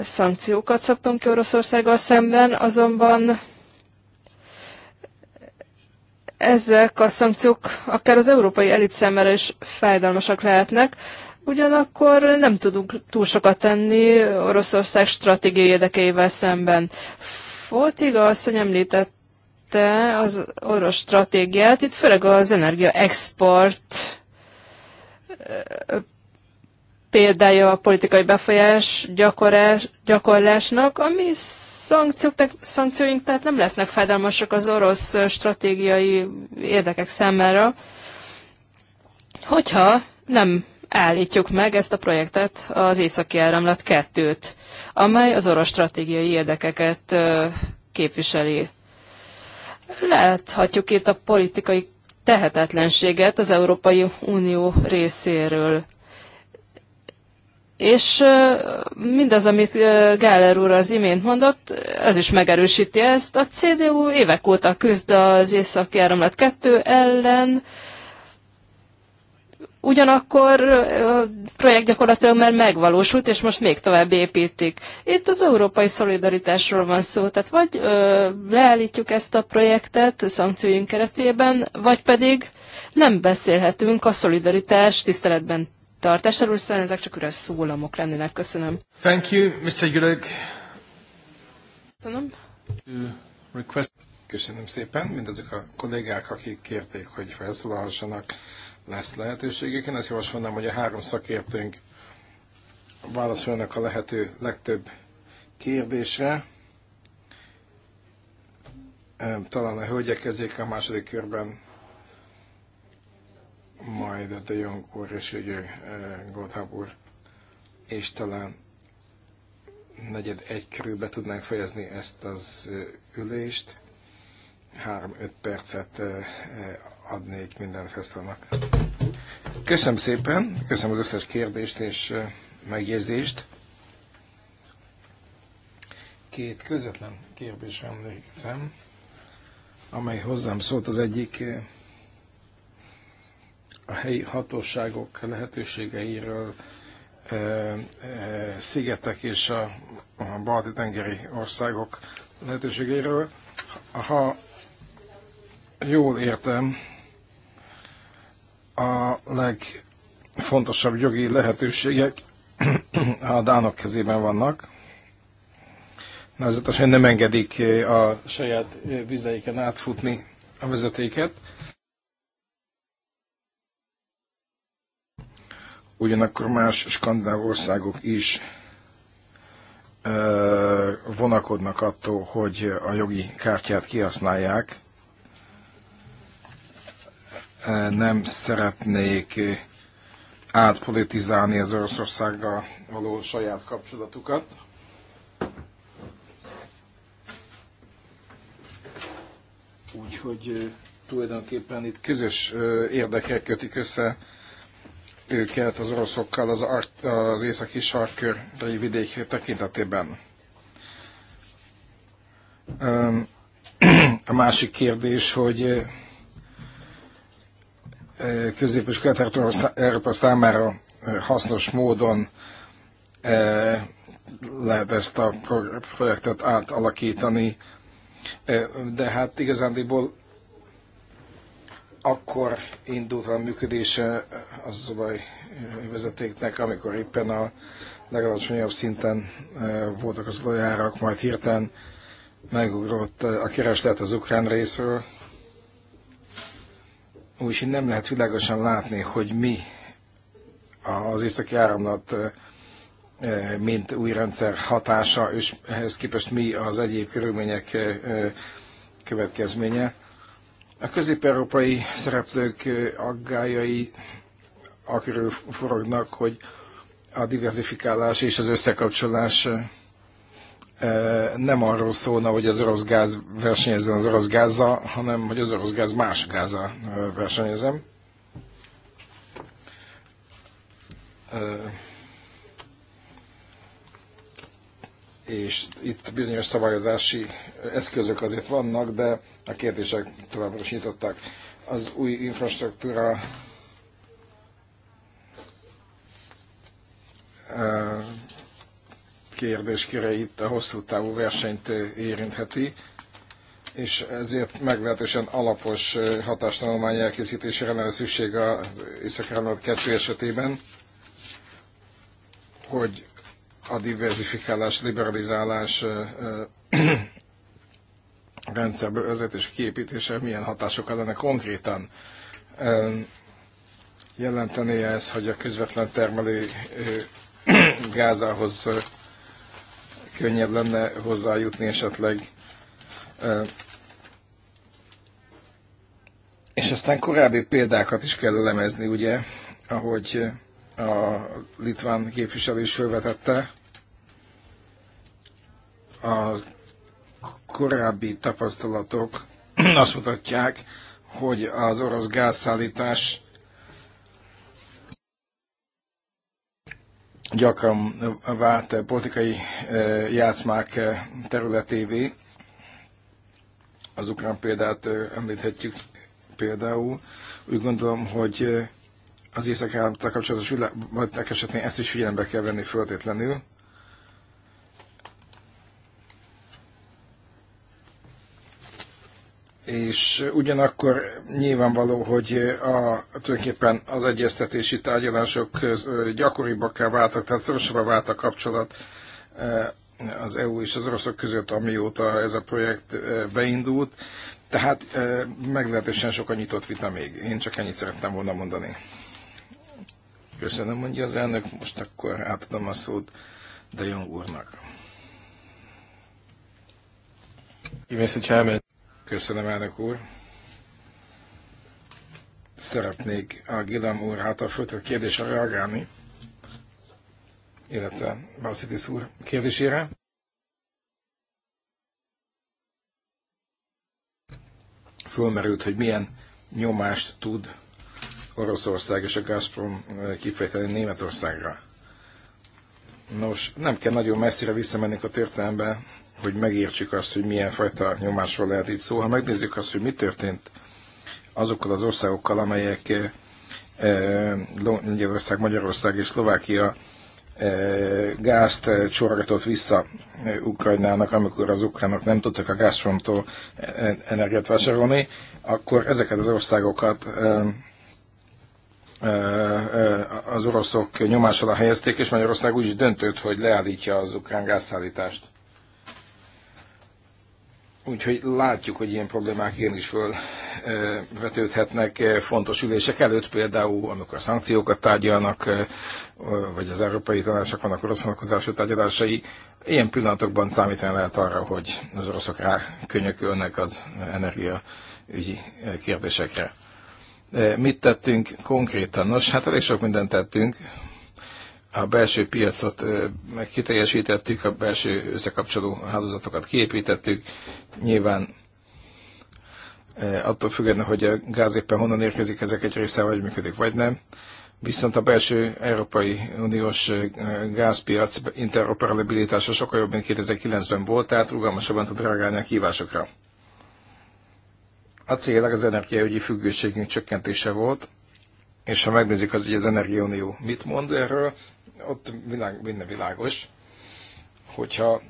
Szankciókat szabtunk ki Oroszországgal szemben, azonban ezek a szankciók akár az európai elit számára is fájdalmasak lehetnek. Ugyanakkor nem tudunk túl sokat tenni Oroszország stratégiai érdekeivel szemben. Fortiga asszony említette az orosz stratégiát, itt főleg az energia export példája a politikai befolyás gyakorlás, gyakorlásnak, ami szankciók, szankcióink tehát nem lesznek fájdalmasak az orosz stratégiai érdekek számára, hogyha nem állítjuk meg ezt a projektet, az északi áramlat 2-t, amely az orosz stratégiai érdekeket képviseli. Láthatjuk itt a politikai tehetetlenséget az Európai Unió részéről. És mindaz, amit Gáler úr az imént mondott, ez is megerősíti ezt. A CDU évek óta küzd az északi áramlat 2 ellen, ugyanakkor a projekt gyakorlatilag már megvalósult, és most még tovább építik. Itt az európai szolidaritásról van szó, tehát vagy ö, leállítjuk ezt a projektet szankcióink keretében, vagy pedig nem beszélhetünk a szolidaritás tiszteletben tartásáról, hiszen ezek csak üres szólamok lennének. Köszönöm. Thank you, Mr. Gülök. Köszönöm. Köszönöm szépen mindazok a kollégák, akik kérték, hogy felszólalhassanak lesz lehetőségük. Én azt javasolnám, hogy a három szakértőnk válaszolnak a lehető legtöbb kérdésre. Talán a hölgyek kezdjék a második körben, majd a De Jong úr és ugye Goldhab úr, és talán negyed egy körül be tudnánk fejezni ezt az ülést. 3-5 percet adnék minden fesztának. Köszönöm szépen, köszönöm az összes kérdést és megjegyzést. Két közvetlen kérdés emlékszem, amely hozzám szólt az egyik a helyi hatóságok lehetőségeiről, szigetek és a, a balti tengeri országok lehetőségeiről. Ha jól értem, a legfontosabb jogi lehetőségek a dánok kezében vannak. Nevezetesen nem engedik a saját vizeiken átfutni a vezetéket. Ugyanakkor más skandináv országok is vonakodnak attól, hogy a jogi kártyát kihasználják Eh, nem szeretnék eh, átpolitizálni az Oroszországgal való saját kapcsolatukat. Úgyhogy eh, tulajdonképpen itt közös érdekek kötik össze őket az oroszokkal az, az északi sarkörei vidék tekintetében. A másik kérdés, hogy közép- és kelet európa számára hasznos módon lehet ezt a projektet átalakítani, de hát igazándiból akkor indult a működése az olajvezetéknek, amikor éppen a legalacsonyabb szinten voltak az olajárak, majd hirtelen megugrott a kereslet az ukrán részről, úgyhogy nem lehet világosan látni, hogy mi az északi áramlat mint új rendszer hatása, és ehhez képest mi az egyéb körülmények következménye. A közép-európai szereplők aggájai akiről forognak, hogy a diversifikálás és az összekapcsolás nem arról szólna, hogy az orosz gáz versenyezzen az orosz gázzal, hanem hogy az orosz gáz más gázzal versenyezem. És itt bizonyos szabályozási eszközök azért vannak, de a kérdések továbbra is nyitottak. Az új infrastruktúra kérdésköre itt a hosszú távú versenyt érintheti, és ezért meglehetősen alapos hatástanulmány elkészítésére lenne szükség az észak 2 esetében, hogy a diversifikálás, liberalizálás vezetés kiépítése milyen hatások ellene konkrétan jelenteni ez, hogy a közvetlen termelő gázához könnyebb lenne hozzájutni esetleg. És aztán korábbi példákat is kell elemezni, ugye, ahogy a litván képviselő is felvetette. A korábbi tapasztalatok azt mutatják, hogy az orosz gázszállítás gyakran vált politikai e, játszmák e, területévé. Az ukrán példát e, említhetjük például. Úgy gondolom, hogy az észak kapcsolatos vagy esetén ezt is figyelembe kell venni föltétlenül. és ugyanakkor nyilvánvaló, hogy a, tulajdonképpen az egyeztetési tárgyalások gyakoribbakká váltak, tehát szorosabbá vált a kapcsolat az EU és az oroszok között, amióta ez a projekt beindult. Tehát meglehetősen sok a nyitott vita még. Én csak ennyit szerettem volna mondani. Köszönöm, mondja az elnök. Most akkor átadom a szót De Jong úrnak. Köszönöm, Köszönöm, elnök úr. Szeretnék a Gilam úr által föltett kérdésre reagálni, illetve Balszitis úr kérdésére. Fölmerült, hogy milyen nyomást tud Oroszország és a Gazprom kifejteni Németországra. Nos, nem kell nagyon messzire visszamennünk a történelembe hogy megértsük azt, hogy milyen fajta nyomásról lehet itt szó. Ha megnézzük azt, hogy mi történt azokkal az országokkal, amelyek eh, eh, Lengyelország, Magyarország és Szlovákia eh, gázt csorgatott vissza Ukrajnának, amikor az ukránok nem tudtak a gázfromtól energiát vásárolni, akkor ezeket az országokat az oroszok nyomás alá helyezték, és Magyarország úgy is döntött, hogy leállítja az ukrán gázszállítást. Úgyhogy látjuk, hogy ilyen problémák igenis fölvetődhetnek fontos ülések előtt, például amikor a szankciókat tárgyalnak, vagy az európai tanácsok vannak orosz vonatkozású tárgyalásai. Ilyen pillanatokban számítani lehet arra, hogy az oroszok rá könyökölnek az energiaügyi kérdésekre. Mit tettünk konkrétan? Nos, hát elég sok mindent tettünk, a belső piacot kiteljesítettük, a belső összekapcsoló hálózatokat kiépítettük. Nyilván attól függően, hogy a gáz éppen honnan érkezik, ezek egy része vagy működik, vagy nem. Viszont a belső Európai Uniós gázpiac interoperabilitása sokkal jobb, mint 2009-ben volt, tehát rugalmasabban tud reagálni a kívásokra. A célag az energiaügyi függőségünk csökkentése volt, és ha megnézzük az, hogy az Energiaunió mit mond erről, ott világ, minden világos, hogyha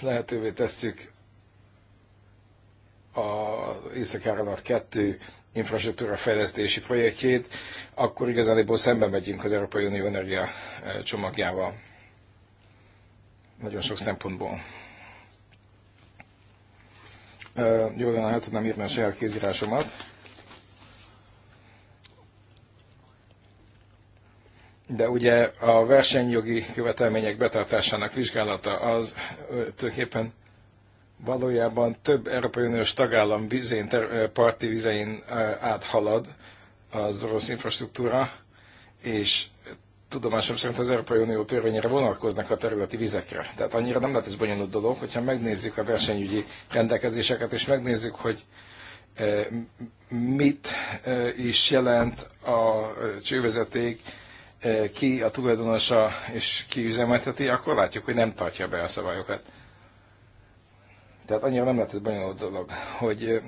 lehetővé tesszük az Észak-Áramlat 2 infrastruktúra fejlesztési projektjét, akkor igazából szembe megyünk az Európai Unió energia csomagjával. Nagyon sok szempontból. Jó lenne, hát nem írni a saját kézírásomat. de ugye a versenyjogi követelmények betartásának vizsgálata az tulajdonképpen valójában több Európai Uniós tagállam vizén, parti vizein áthalad az orosz infrastruktúra, és tudomásom szerint az Európai Unió törvényére vonatkoznak a területi vizekre. Tehát annyira nem lehet ez bonyolult dolog, hogyha megnézzük a versenyügyi rendelkezéseket, és megnézzük, hogy mit is jelent a csővezeték, ki a tulajdonosa és ki üzemelteti, akkor látjuk, hogy nem tartja be a szabályokat. Tehát annyira nem lehet ez bonyolult dolog, hogy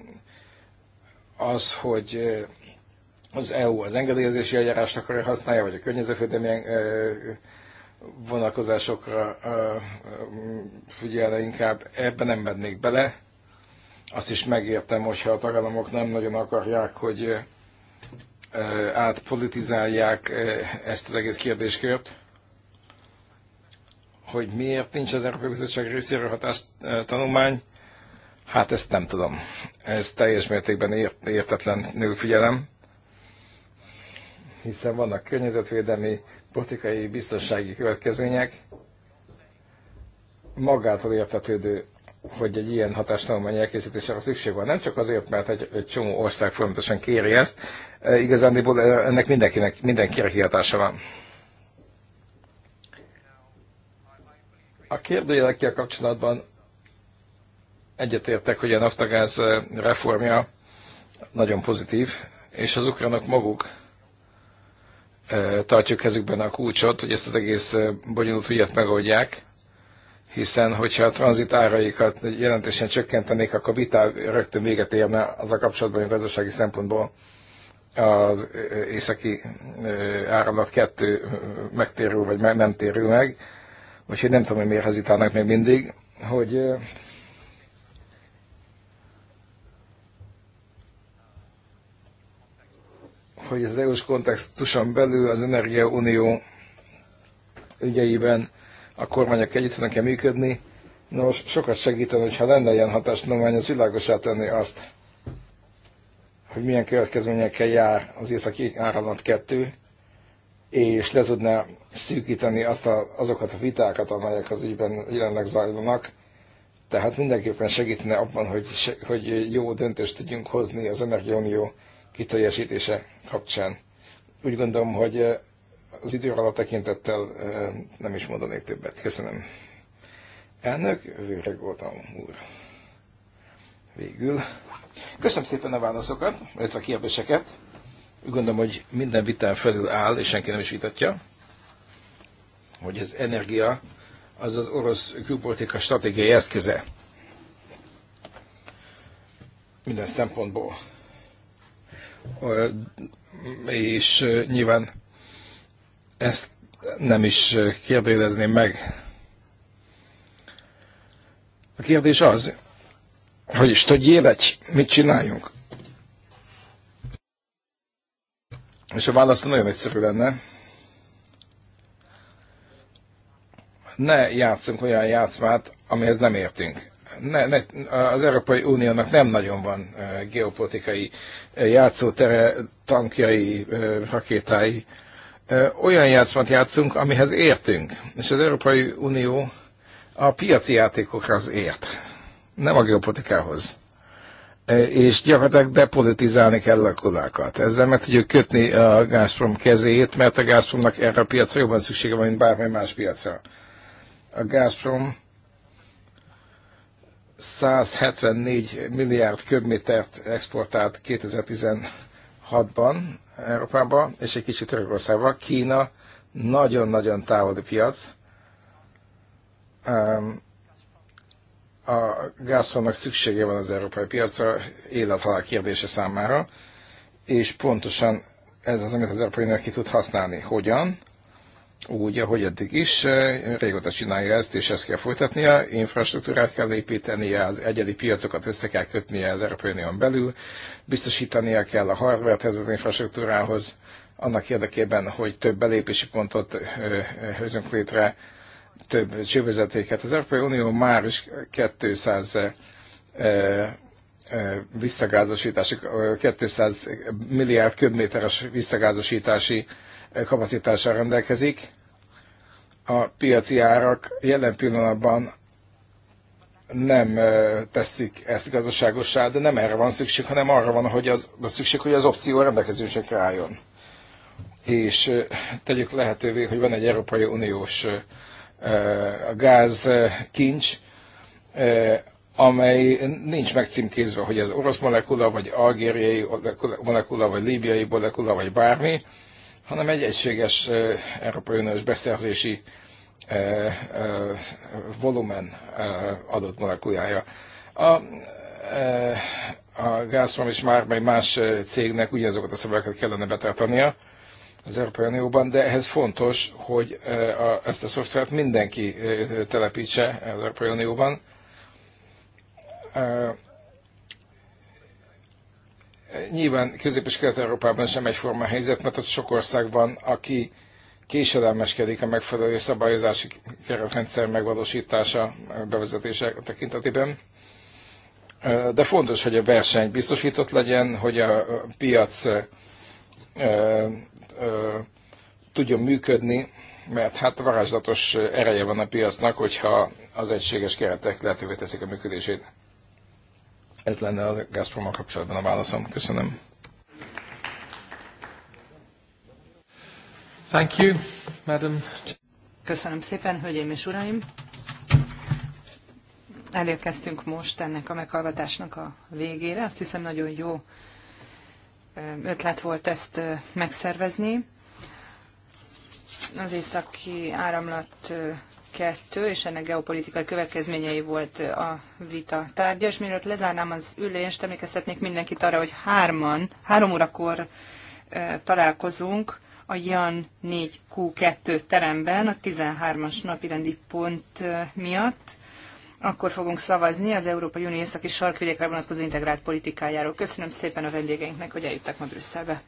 az, hogy az EU az engedélyezési eljárást akarja használja, vagy a környezetvédelmi vonalkozásokra figyelne inkább, ebben nem mennék bele. Azt is megértem, hogyha a tagállamok nem nagyon akarják, hogy átpolitizálják ezt az egész kérdéskört, hogy miért nincs az Európai Bizottság részéről hatástanulmány, hát ezt nem tudom. Ez teljes mértékben ért, értetlen figyelem, hiszen vannak környezetvédelmi, politikai, biztonsági következmények, magától értetődő hogy egy ilyen hatástanulmány elkészítésére szükség van. Nem csak azért, mert egy, egy csomó ország folyamatosan kéri ezt, e, igazán e, ennek mindenkinek, mindenkire kihatása van. A kérdőjelekkel kapcsolatban egyetértek, hogy a naftagáz e, reformja nagyon pozitív, és az ukránok maguk tartjuk kezükben a kulcsot, hogy ezt az egész bonyolult ügyet megoldják hiszen hogyha a tranzit áraikat jelentősen csökkentenék, akkor vitá rögtön véget érne az a kapcsolatban, hogy a gazdasági szempontból az északi áramlat kettő megtérül, vagy meg nem térül meg. Úgyhogy nem tudom, hogy miért hezitálnak még mindig, hogy hogy az EU-s kontextuson belül az energia unió ügyeiben a kormányok együtt tudnak-e működni. Nos, sokat segítene, hogyha lenne ilyen hatástanulmány, az világosá tenni azt, hogy milyen következményekkel jár az északi áramlat 2, és le tudná szűkíteni azt a, azokat a vitákat, amelyek az ügyben jelenleg zajlanak. Tehát mindenképpen segítene abban, hogy, hogy jó döntést tudjunk hozni az Energiaunió kiteljesítése kapcsán. Úgy gondolom, hogy az idő alatt tekintettel nem is mondanék többet. Köszönöm. Elnök, Vőreg voltam úr. Végül. Köszönöm szépen a válaszokat, illetve a kérdéseket. Gondolom, hogy minden vitán felül áll, és senki nem is vitatja, hogy az energia az az orosz külpolitika stratégiai eszköze. Minden szempontból és nyilván ezt nem is kérdezném meg. A kérdés az, hogy is tudjélegy, mit csináljunk? És a válasz nagyon egyszerű lenne. Ne játszunk olyan játszmát, amihez nem értünk. Ne, ne, az Európai Uniónak nem nagyon van eh, geopolitikai eh, játszótere, tankjai, eh, rakétái, olyan játszmat játszunk, amihez értünk. És az Európai Unió a piaci játékokhoz ért, nem a geopolitikához. És gyakorlatilag depolitizálni kell a kulákat. Ezzel meg tudjuk kötni a Gazprom kezét, mert a Gazpromnak erre a piacra jobban szüksége van, mint bármely más piacra. A Gazprom 174 milliárd köbmétert exportált 2016-ban, Európába, és egy kicsit Törökországba. Kína nagyon-nagyon távoli piac. A gázfonnak szüksége van az európai piacra, élethalál kérdése számára, és pontosan ez az, amit az Európai Unió ki tud használni. Hogyan? úgy, ahogy eddig is, eh, régóta csinálja ezt, és ezt kell folytatnia, infrastruktúrát kell építenie, az egyedi piacokat össze kell kötnie az Európai Unión belül, biztosítania kell a hardwarehez, az infrastruktúrához, annak érdekében, hogy több belépési pontot eh, eh, hozunk létre, több csővezetéket. Az Európai Unió már is 200 visszagázosítási, 200 milliárd köbméteres visszagázosítási kapacitással rendelkezik. A piaci árak jelen pillanatban nem teszik ezt gazdaságossá, de nem erre van szükség, hanem arra van hogy az, az szükség, hogy az opció rendelkezésekre álljon. És tegyük lehetővé, hogy van egy Európai Uniós gázkincs, amely nincs megcímkézve, hogy ez orosz molekula, vagy algériai molekula, vagy líbiai molekula, vagy bármi, hanem egy egységes Európai Uniós beszerzési volumen adott molekulája. A, a Gazprom és már mely más cégnek ugyanazokat a szabályokat kellene betartania az Európai Unióban, de ehhez fontos, hogy a, ezt a szoftvert mindenki telepítse az Európai Unióban Nyilván Közép- és Kelet-Európában sem egyforma helyzet, mert ott sok ország van, aki késedelmeskedik a megfelelő szabályozási keretrendszer megvalósítása, bevezetése tekintetében. De fontos, hogy a verseny biztosított legyen, hogy a piac ö, tudjon működni, mert hát varázslatos ereje van a piacnak, hogyha az egységes keretek lehetővé teszik a működését. Ez lenne a gazprom kapcsolatban a válaszom. Köszönöm. Thank you, madam. Köszönöm szépen, hölgyeim és uraim. Elérkeztünk most ennek a meghallgatásnak a végére. Azt hiszem nagyon jó eh, ötlet volt ezt eh, megszervezni. Az északi áramlat eh, kettő, és ennek geopolitikai következményei volt a vita tárgya, és mielőtt lezárnám az ülést, emlékeztetnék mindenkit arra, hogy hárman, három órakor találkozunk a Jan 4Q2 teremben a 13-as napirendi pont miatt. Akkor fogunk szavazni az Európai Unió északi sarkvidékre vonatkozó integrált politikájáról. Köszönöm szépen a vendégeinknek, hogy eljöttek ma Brüsszelbe.